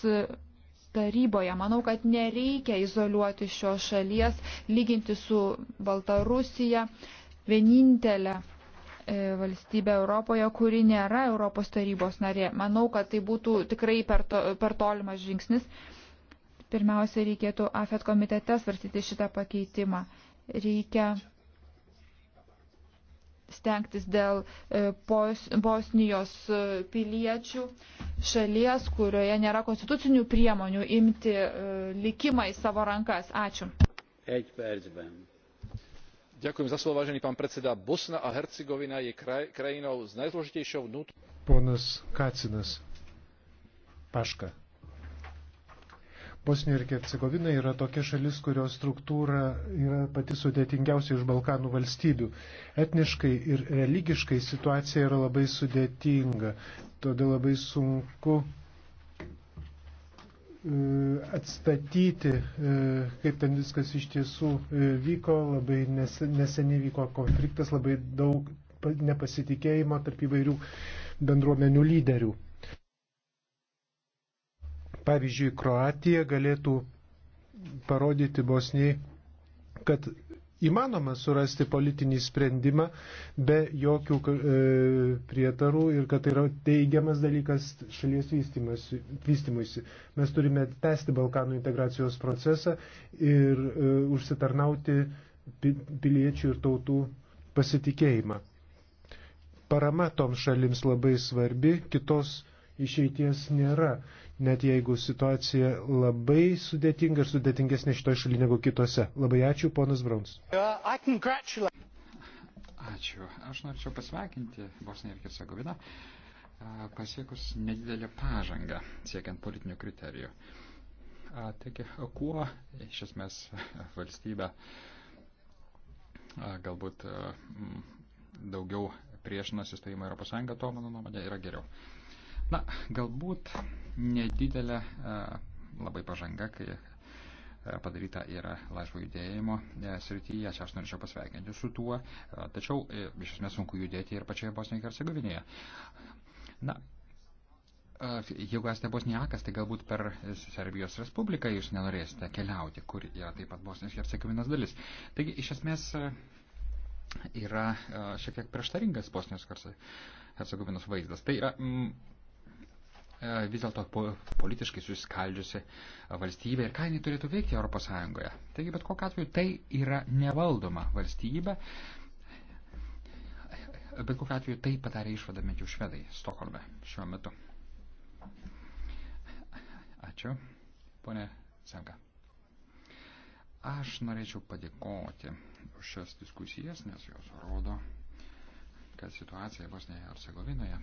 taryboje. Manau, kad nereikia izoliuoti šios šalies, lyginti su Baltarusija, vienintelė e, valstybė Europoje, kuri nėra Europos tarybos narė. Manau, kad tai būtų tikrai per, to, per tolimas žingsnis. Pirmiausia, reikėtų AFET komitete svarstyti šitą pakeitimą. Reikia stengtis dėl Bos, e, Bosnijos e, piliečių šalies, kurioje nėra konstitucinių priemonių imti e, likimą į savo rankas. Ačiū. Ďakujem za slovo, vážený pán predseda. Bosna a Hercegovina je kraj, krajinou s najzložitejšou vnútornou. Ponas Kacinas. Paška. Bosnija ir Hercegovina yra tokia šalis, kurios struktūra yra pati sudėtingiausia iš Balkanų valstybių. Etniškai ir religiškai situacija yra labai sudėtinga, todėl labai sunku e, atstatyti, e, kaip ten viskas iš tiesų e, vyko, labai neseniai vyko konfliktas, labai daug nepasitikėjimo tarp įvairių bendruomenių lyderių. Pavyzdžiui, Kroatija galėtų parodyti Bosnijai, kad įmanoma surasti politinį sprendimą be jokių e, prietarų ir kad tai yra teigiamas dalykas šalies vystimuisi. Mes turime tęsti Balkanų integracijos procesą ir e, užsitarnauti piliečių ir tautų pasitikėjimą. Parama toms šalims labai svarbi, kitos išeities nėra net jeigu situacija labai sudėtinga ir sudėtingesnė šitoje šalyje negu kitose. Labai ačiū, ponas Brauns. Uh, ačiū. Aš norėčiau pasveikinti Bosniją ir Hercegoviną uh, pasiekus nedidelę pažangą siekiant politinių kriterijų. Uh, taigi, kuo iš esmės valstybė galbūt daugiau priešinasi stojimą Europos Sąjungą, to mano nuomonė yra geriau. Na, galbūt nedidelė e, labai pažanga, kai e, padaryta yra laisvo judėjimo e, srityje, čia aš norėčiau pasveikinti su tuo, tačiau iš esmės sunku judėti ir pačioje Bosnijoje ir Hercegovinėje. Na, jeigu esate bosniakas, tai galbūt per Serbijos Respubliką jūs nenorėsite keliauti, kur yra taip pat Bosnijos Hercegovinas dalis. Taigi, iš esmės yra šiek tiek prieštaringas Bosnijos Hercegovinos vaizdas. Tai yra, mm, E, vis dėlto po, politiškai susiskaldžiusi valstybė ir ką jinai turėtų veikti ES. Taigi bet kokiu atveju tai yra nevaldoma valstybė. Bet kokiu atveju tai padarė išvada bent jau švedai Stokholme šiuo metu. Ačiū, ponė Senka. Aš norėčiau padėkoti už šias diskusijas, nes jos rodo, kad situacija Bosnijoje ir Segovinoje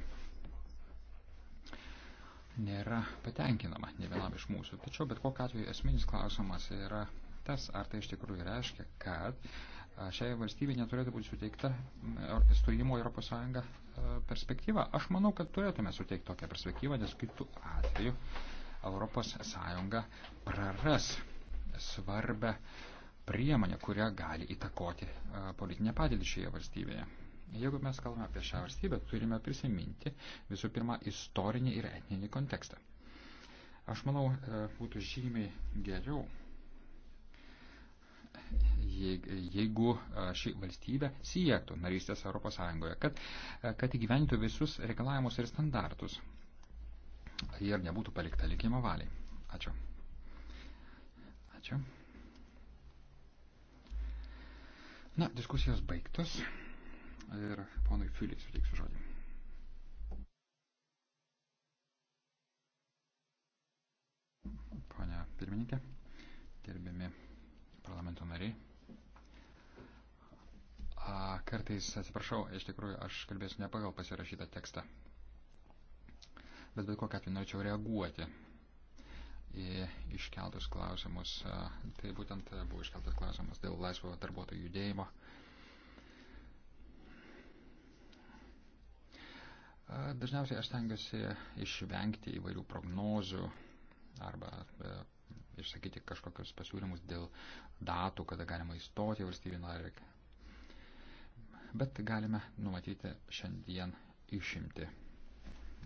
nėra patenkinama ne vienam iš mūsų. Tačiau bet kokiu atveju esminis klausimas yra tas, ar tai iš tikrųjų reiškia, kad šiai valstybei neturėtų būti suteikta stojimo Europos Sąjunga perspektyva. Aš manau, kad turėtume suteikti tokią perspektyvą, nes kitų atveju Europos Sąjunga praras svarbę priemonę, kurią gali įtakoti politinę padėtį šioje valstybėje. Jeigu mes kalbame apie šią valstybę, turime prisiminti visų pirma istorinį ir etninį kontekstą. Aš manau, e, būtų žymiai geriau, jeigu e, ši valstybė siektų narystės Europos Sąjungoje, kad, e, kad įgyventų visus reikalavimus ir standartus ir nebūtų palikta likimo valiai. Ačiū. Ačiū. Na, diskusijos baigtos ir ponui Fiuliai suteiksiu žodį. Pone pirmininkė, gerbiami parlamento nariai. A, kartais, atsiprašau, iš tikrųjų aš kalbėsiu ne pagal pasirašytą tekstą. Bet bet kokią atveju norėčiau reaguoti į iškeltus klausimus. A, tai būtent buvo iškeltas klausimas dėl laisvo darbuotojų judėjimo. Dažniausiai aš stengiuosi išvengti įvairių prognozių arba e, išsakyti kažkokius pasiūlymus dėl datų, kada galima įstoti į valstybį narį. Bet galime numatyti šiandien išimti.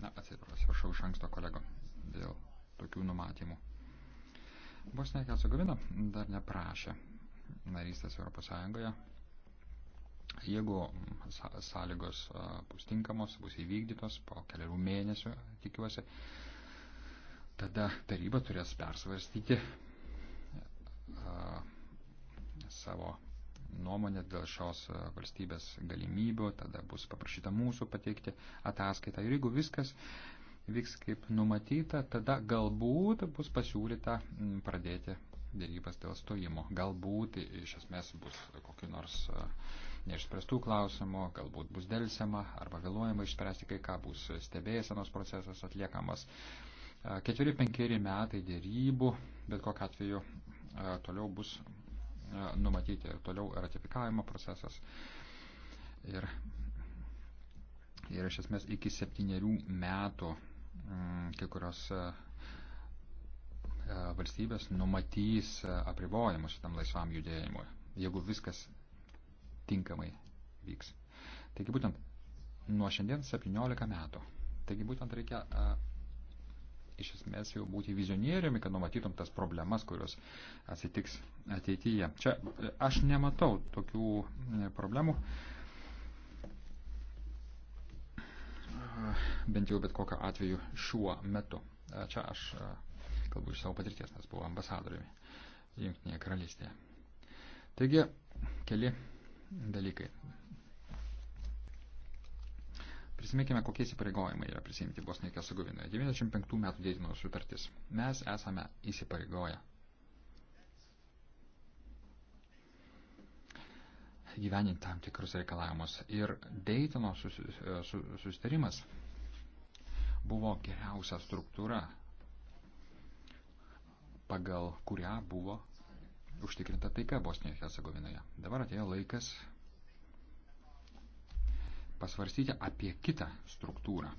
Na, atsiprašau iš anksto kolego dėl tokių numatymų. Bosnija Hercegovina dar neprašė narystės Europos Sąjungoje, Jeigu sąlygos bus tinkamos, bus įvykdytos po kelių mėnesių, tikiuosi, tada taryba turės persvarstyti savo nuomonę dėl šios valstybės galimybių, tada bus paprašyta mūsų pateikti ataskaitą. Ir jeigu viskas vyks kaip numatyta, tada galbūt bus pasiūlyta pradėti dėrybas dėl stojimo. Galbūt iš esmės bus kokiu nors uh, neišspręstų klausimų, galbūt bus dėlsiama arba vėluojama išspręsti kai ką, bus stebėjęsenos procesas atliekamas. Ketveri penkeri metai dėrybų, bet kokiu atveju toliau bus numatyti ir toliau ratifikavimo procesas. Ir, ir iš esmės iki septyniarių metų mm, kai kurios valstybės numatys apribojimus šitam laisvam judėjimui. Jeigu viskas tinkamai vyks. Taigi būtent nuo šiandien 17 metų. Taigi būtent reikia a, iš esmės jau būti vizionieriumi, kad numatytum tas problemas, kurios atsitiks ateityje. Čia e, aš nematau tokių e, problemų. bent jau bet kokiu atveju šiuo metu. Čia aš a, kalbu iš savo patirties, nes buvau ambasadoriumi Junktinėje karalystėje. Taigi, keli dalykai. Prisiminkime, kokie įsipareigojimai yra prisimti Bosnijoje Hercegovinoje. 95 metų Dėtino sutartis. Mes esame įsipareigoję gyveninti tam tikrus reikalavimus. Ir Daytono sus, sus, susitarimas buvo geriausia struktūra, pagal kurią buvo užtikrinta taika Bosnijoje Hercegovinoje. Dabar atėjo laikas pasvarstyti apie kitą struktūrą.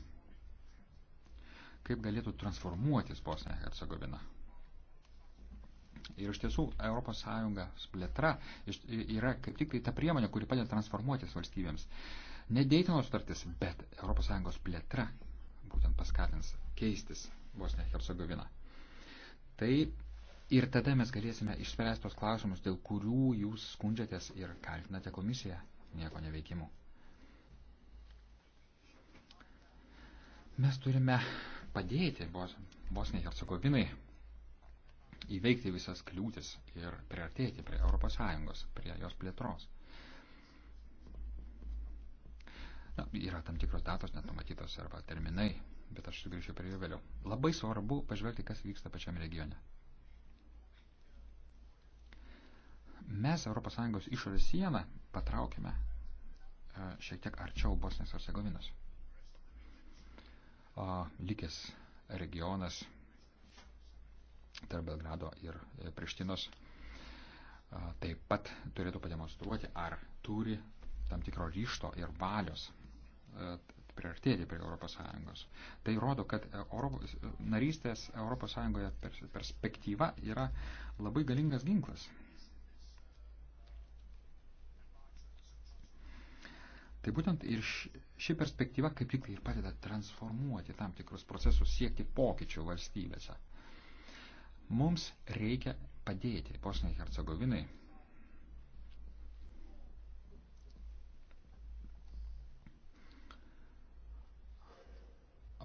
Kaip galėtų transformuotis Bosnija Hercegovina. Ir iš tiesų ES plėtra yra kaip tik tai ta priemonė, kuri padeda transformuotis valstybėms. Ne Deitino sutartis, bet ES plėtra būtent paskatins keistis Bosnija Hercegovina. Tai Ir tada mes galėsime išspręsti tos klausimus, dėl kurių jūs skundžiatės ir kaltinate komisiją nieko neveikimu. Mes turime padėti Bos, Bosniai Hercegovinai įveikti visas kliūtis ir priartėti prie ES, prie jos plėtros. Na, yra tam tikros datos net numatytos arba terminai, bet aš sugrįšiu prie jų vėliau. Labai svarbu pažvelgti, kas vyksta pačiam regione. Mes ES išorės sieną patraukime e, šiek tiek arčiau Bosnės ir Segovinos. Likęs regionas tarp Belgrado ir e, Prištinos e, taip pat turėtų pademonstruoti, ar turi tam tikro ryšto ir valios priartėti prie ES. Tai rodo, kad Europos, narystės ES perspektyva yra labai galingas ginklas Tai būtent ir ši perspektyva kaip tik tai ir padeda transformuoti tam tikrus procesus, siekti pokyčių valstybėse. Mums reikia padėti Bosniai Hercegovinai.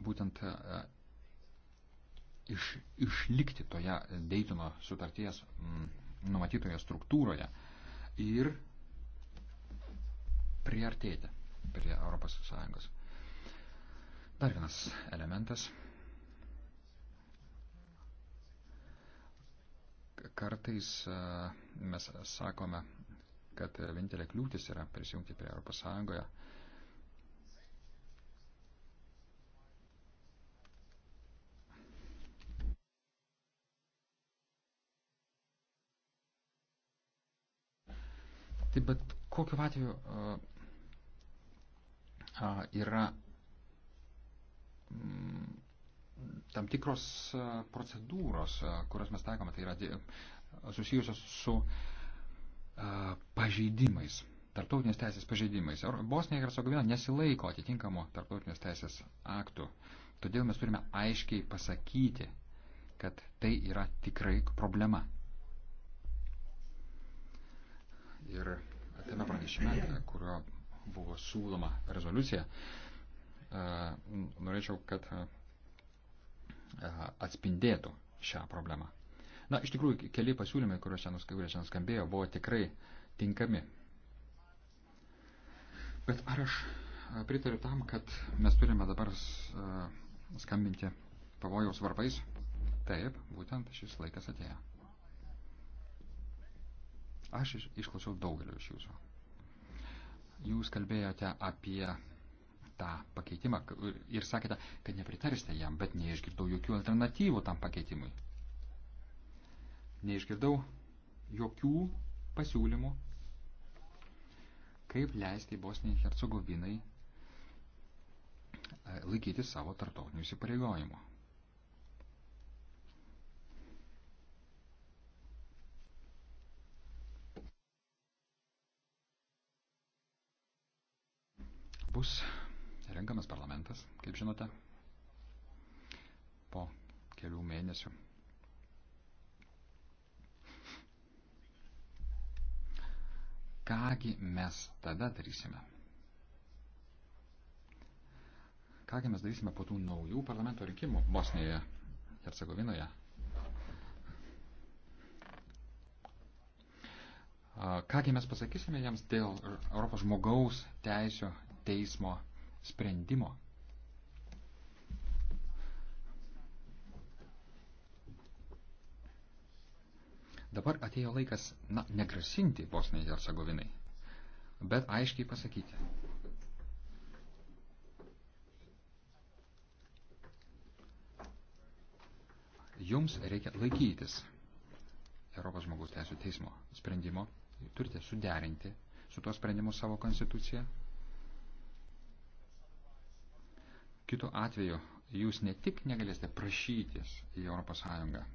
Būtent e, iš, išlikti toje Daytono sutarties numatytoje struktūroje ir priartėti prie ES. Dar vienas elementas. Kartais e, mes sakome, kad vienintelė kliūtis yra prisijungti prie ES. Taip, bet kokiu atveju e, yra mm, tam tikros procedūros, kurios mes taikome, tai yra susijusios su pažeidimais, tarptautinės teisės pažeidimais. Bosnija ir Hercegovina nesilaiko atitinkamo tarptautinės teisės aktų. Todėl mes turime aiškiai pasakyti, kad tai yra tikrai problema. Ir tame pranešime, kurio buvo siūloma rezoliucija, e, norėčiau, kad e, atspindėtų šią problemą. Na, iš tikrųjų, keli pasiūlymai, kuriuos čia nuskambėjo, buvo tikrai tinkami. Bet ar aš e, pritariu tam, kad mes turime dabar skambinti pavojaus varpais? Taip, būtent šis laikas atėjo. Aš išklausiau daugelio iš jūsų. Jūs kalbėjote apie tą pakeitimą ir sakėte, kad nepritarsite jam, bet neišgirdau jokių alternatyvų tam pakeitimui. Neišgirdau jokių pasiūlymų, kaip leisti Bosnijai Hercegovinai e, laikyti savo tartautinių įsipareigojimų. bus renkamas parlamentas, kaip žinote, po kelių mėnesių. Kągi mes tada darysime? Kągi mes darysime po tų naujų parlamento rinkimų Bosnijoje ir Hercegovinoje? Kągi mes pasakysime jiems dėl Europos žmogaus teisų teismo sprendimo. Dabar atėjo laikas, na, negrasinti Bosniai ir Sagovinai, bet aiškiai pasakyti. Jums reikia laikytis Europos žmogaus teisų teismo sprendimo, turite suderinti su tuo sprendimu savo konstituciją, Kitu atveju jūs ne tik negalėsite prašytis į ES,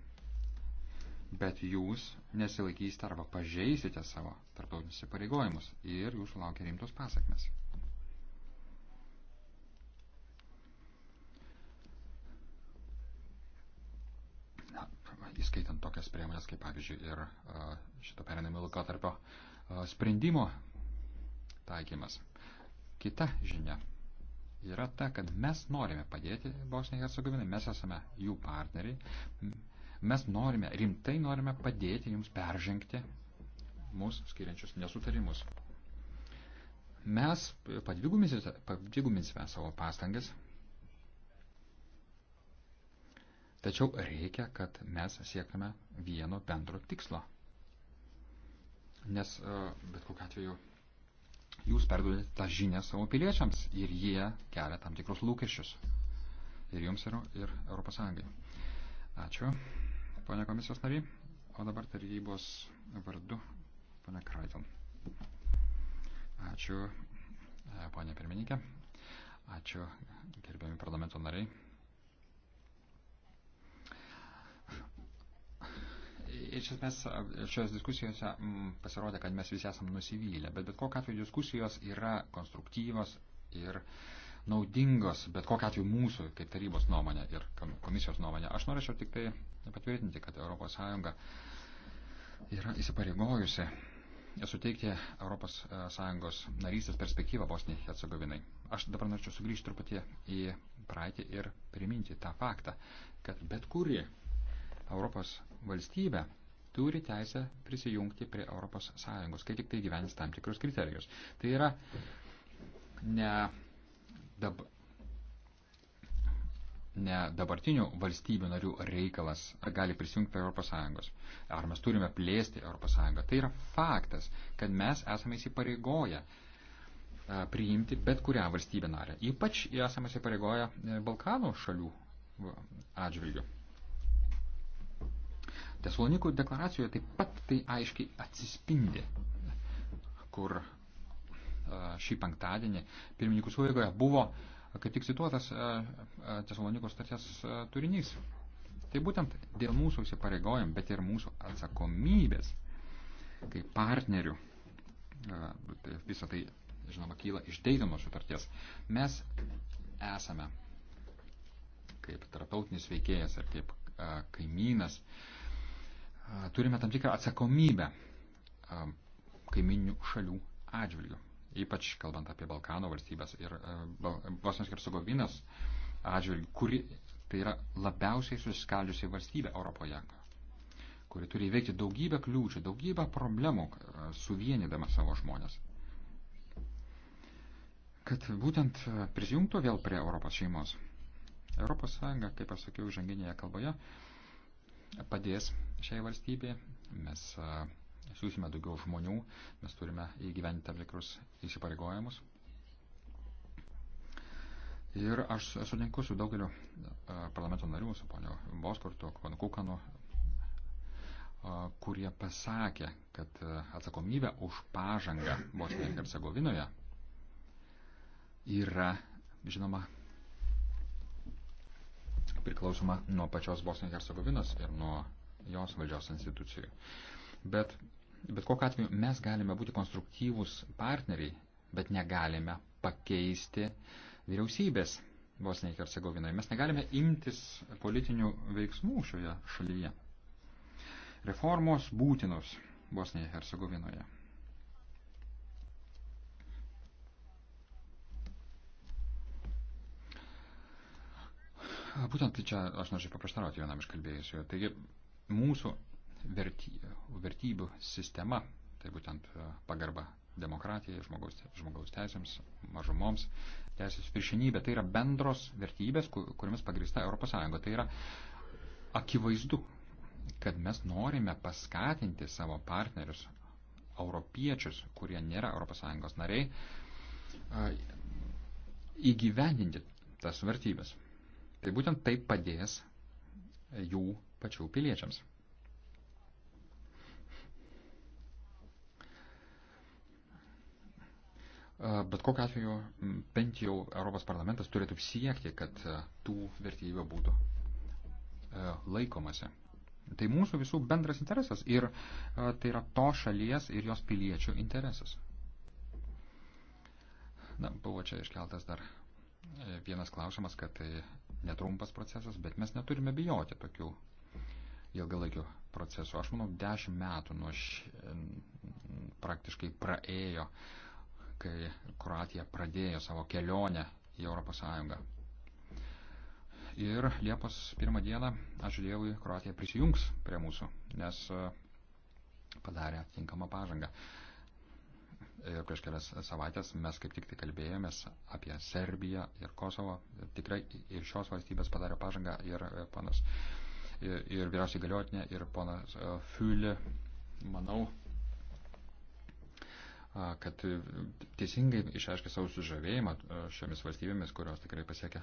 bet jūs nesilaikysite arba pažeisite savo tarptautinius įpareigojimus ir jūsų laukia rimtos pasakmes. Na, įskaitant tokias priemonės, kaip pavyzdžiui ir šito perinamio laikotarpio sprendimo taikymas. Kita žinia yra ta, kad mes norime padėti Bosnijai Hercegovinai, mes esame jų partneriai, mes norime, rimtai norime padėti jums peržengti mūsų skiriančius nesutarimus. Mes padviguminsime savo pastangas, tačiau reikia, kad mes siektume vieno bendro tikslo. Nes e, bet kokiu atveju jūs perduodate tą žinę savo piliečiams ir jie kelia tam tikrus lūkesčius. Ir jums ir, ir Europos Sąjungai. Ačiū, ponia komisijos nariai. O dabar tarybos vardu, ponia Kraiton. Ačiū, e, ponia pirmininkė. Ačiū, gerbiami parlamento nariai. iš esmės šios diskusijose mm, pasirodė, kad mes visi esam nusivylę, bet bet kokia atveju diskusijos yra konstruktyvios ir naudingos, bet kokia atveju mūsų, kaip tarybos nuomonė ir komisijos nuomonė. Aš norėčiau tik tai patvirtinti, kad ES yra įsipareigojusi suteikti ES e, narystės perspektyvą Bosnijai Hercegovinai. Aš dabar norėčiau sugrįžti truputį į praeitį ir priminti tą faktą, kad bet kuri Europos valstybė turi teisę prisijungti prie Europos Sąjungos, kai tik tai gyvenis tam tikrus kriterijus. Tai yra ne, dab, ne dabartinių valstybių narių reikalas, ar gali prisijungti prie Europos Sąjungos, ar mes turime plėsti Europos Sąjungą. Tai yra faktas, kad mes esame įsipareigoję e, priimti bet kurią valstybę narę. Ypač esame įsipareigoję e, Balkanų šalių e, atžvilgių. Tesalonikų deklaracijoje taip pat tai aiškiai atsispindi, kur šį penktadienį pirmininkų suėgoje buvo kaip tik cituotas Tesalonikos starties turinys. Tai būtent dėl mūsų įsipareigojom, bet ir mūsų atsakomybės kaip partnerių, tai visą tai, žinoma, kyla iš Deitono sutarties, mes esame kaip tarptautinis veikėjas ir kaip kaimynas uh, turime tam tikrą atsakomybę kaiminių šalių atžvilgių, ypač kalbant apie Balkano valstybės ir e, Bosnijos Hercegovinos atžvilgių, kuri tai yra labiausiai susiskaldžiusi valstybė Europoje, kuri turi įveikti daugybę kliūčių, daugybę problemų, e, suvienydama savo žmonės. Kad būtent e, prisijungtų vėl prie Europos šeimos. Europos Sąjunga, kaip aš sakiau žanginėje kalboje, uh, padės šiai valstybei, mes siūsime daugiau žmonių, mes turime įgyventi tam tikrus įsipareigojimus. Ir aš sutinku su daugeliu parlamento narių, su ponio Boskurtu, ponu Kukanu, kurie pasakė, kad atsakomybė už pažangą Bosnijoje ir Hercegovinoje yra, žinoma, priklausoma nuo pačios Bosnijos Hercegovinos ir nuo jos valdžios institucijų. Bet, bet kokiu atveju mes galime būti konstruktyvūs partneriai, bet negalime pakeisti vyriausybės Bosnijai Hercegovinoje. Mes negalime imtis politinių veiksmų šioje šalyje. Reformos būtinos Bosnijai Hercegovinoje. Būtent tai čia aš norėčiau paprieštarauti vienam iš kalbėjusių. Taigi mūsų verty, vertybių sistema, tai būtent e, pagarba demokratijai, žmogaus, žmogaus teisėms, mažumoms, teisės viršinybė, tai yra bendros vertybės, kuriamis pagrįsta ES. Tai yra akivaizdu, kad mes norime paskatinti savo partnerius, europiečius, kurie nėra ES nariai, e, įgyvendinti tas vertybės. Tai būtent tai padės jų pačių piliečiams. Bet kokiu atveju bent jau Europos parlamentas turėtų siekti, kad tų vertybių būtų laikomasi. Tai mūsų visų bendras interesas ir tai yra to šalies ir jos piliečių interesas. Na, buvo čia iškeltas dar e, vienas klausimas, kad tai netrumpas procesas, bet mes neturime bijoti tokių ilgalaikių procesų. Aš manau, dešimt metų nuo š... praktiškai praėjo, kai Kroatija pradėjo savo kelionę į ES. Ir Liepos pirmą dieną, ačiū Dievui, Kroatija prisijungs prie mūsų, nes e, padarė tinkamą pažangą. Prieš kelias savaitės mes kaip tik tai kalbėjomės apie Serbiją ir Kosovo. Tikrai ir šios valstybės padarė pažangą ir e, panas ir, ir vyriausiai galiotinė ir panas e, Fiulė, manau, kad teisingai išaiškė savo sužavėjimą e, šiomis valstybėmis, kurios tikrai pasiekė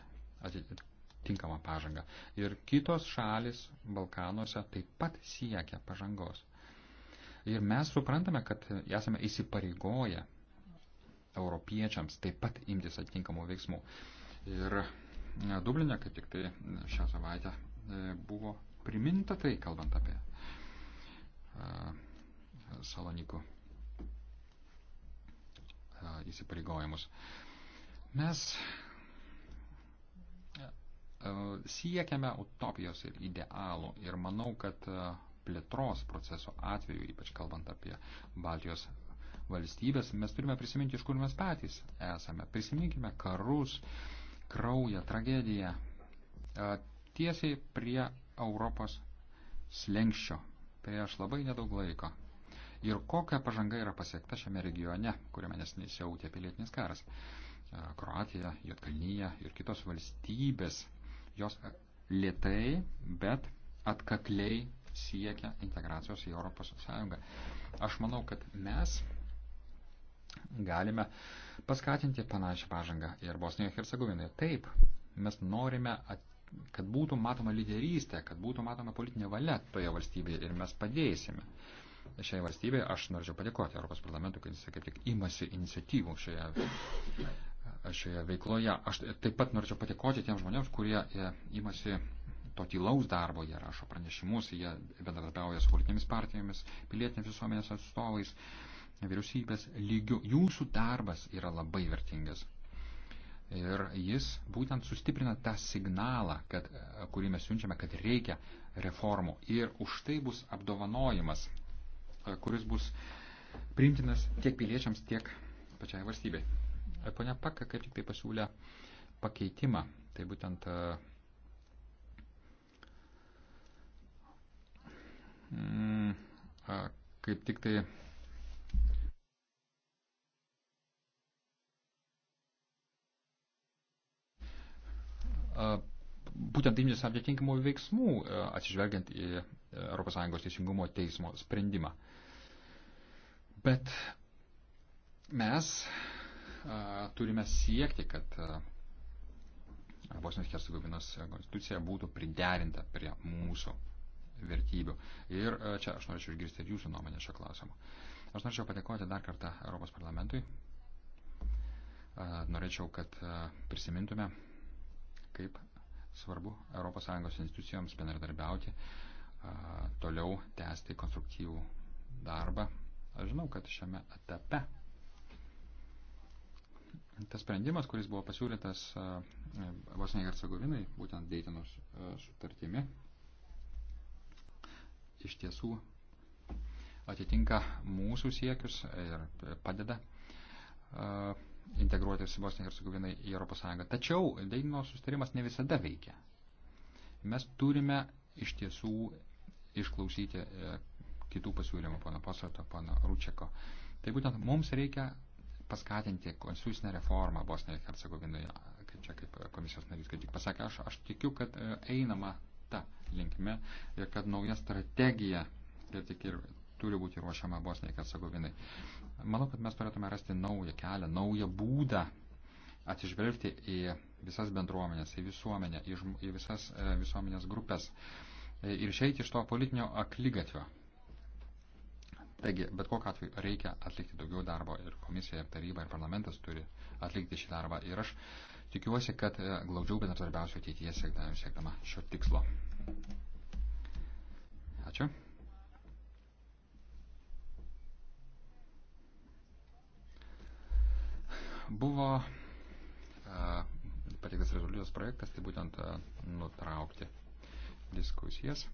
atitinkamą pažangą. Ir kitos šalis Balkanuose taip pat siekia pažangos. Ir mes suprantame, kad esame įsipareigoję europiečiams taip pat imtis atitinkamų veiksmų. Ir e, Dublinė, kaip tik tai šią savaitę e, buvo priminta tai, kalbant apie e, Salonikų įsipareigojimus. Mes siekiame utopijos ir idealų ir manau, kad plėtros proceso atveju, ypač kalbant apie Baltijos valstybės, mes turime prisiminti, iš kur mes patys esame. Prisiminkime karus, kraują, tragediją tiesiai prie Europos slengščio prieš labai nedaug laiko. Ir kokia pažanga yra pasiekta šiame regione, kuriame nesiniai siautė pilietinis karas. Kroatija, Jotkalnyje ir kitos valstybės, jos lietai, bet atkakliai siekia integracijos į Europos Sąjungą. Aš manau, kad mes galime paskatinti panašią pažangą ir Bosnijoje ir Hercegovinoje. Taip, mes norime, kad būtų matoma lyderystė, kad būtų matoma politinė valia toje valstybėje ir mes padėsime. Šiai valstybėje aš norėčiau padėkoti Europos parlamentui, kad jis kaip tik imasi iniciatyvų šioje, šioje veikloje. Aš taip pat norėčiau padėkoti tiems žmonėms, kurie e, imasi to tylaus darbo, jie rašo pranešimus, jie bendradarbiauja su politinėmis partijomis, pilietinės visuomenės atstovais, vyriausybės lygių. Jūsų darbas yra labai vertingas. Ir jis būtent sustiprina tą signalą, kad, kurį mes siunčiame, kad reikia reformų. Ir už tai bus apdovanojimas, kuris bus priimtinas tiek piliečiams, tiek pačiai valstybei. Pone Paka kaip tik tai pasiūlė pakeitimą, tai būtent uh, Mm, kaip tik tai būtent imtis atitinkamų veiksmų e, atsižvelgiant į ES teisingumo teismo sprendimą. Bet mes turime siekti, kad e, Bosnijos Hercegovinos konstitucija būtų priderinta prie mūsų vertybių. Ir e, čia aš norėčiau išgirsti ir jūsų nuomonę šio klausimu. Aš norėčiau padėkoti dar kartą Europos parlamentui. E, norėčiau, kad e, prisimintume, kaip svarbu ES institucijoms bendradarbiauti, toliau tęsti konstruktyvų darbą. Aš žinau, kad šiame etape tas sprendimas, kuris buvo pasiūlytas Bosnijai Hercegovinai, būtent Deitinos sutartimi, iš tiesų atitinka mūsų siekius ir padeda integruotis Bosnijai ir Hercegovinai į Europos Sąjungą. Tačiau Deinino sustarimas ne visada veikia. Mes turime iš tiesų išklausyti e, kitų pasiūlymų, pono Pasato, pono Ručeko. Tai būtent mums reikia paskatinti konstitucinę reformą Bosnijoje ir Hercegovinoje, kaip čia kaip komisijos narys, kaip tik pasakė, aš, aš tikiu, kad e, einama tą linkme ir kad nauja strategija kaip tik ir turi būti ruošiama Bosnijai Hercegovinai. Manau, kad mes turėtume rasti naują kelią, naują būdą atsižvelgti į visas bendruomenės, į visuomenę, į, žm, į visas e, visuomenės grupės e, ir išeiti iš to politinio aklygatvio. Taigi, bet kokiu atveju reikia atlikti daugiau darbo ir komisija, ir taryba, ir parlamentas turi atlikti šį darbą. Ir aš Tikiuosi, kad e, glaudžiau bendradarbiausiu ateityje siekdama šio tikslo. Ačiū. Buvo e, pateiktas rezoliucijos projektas, tai būtent e, nutraukti diskusijas.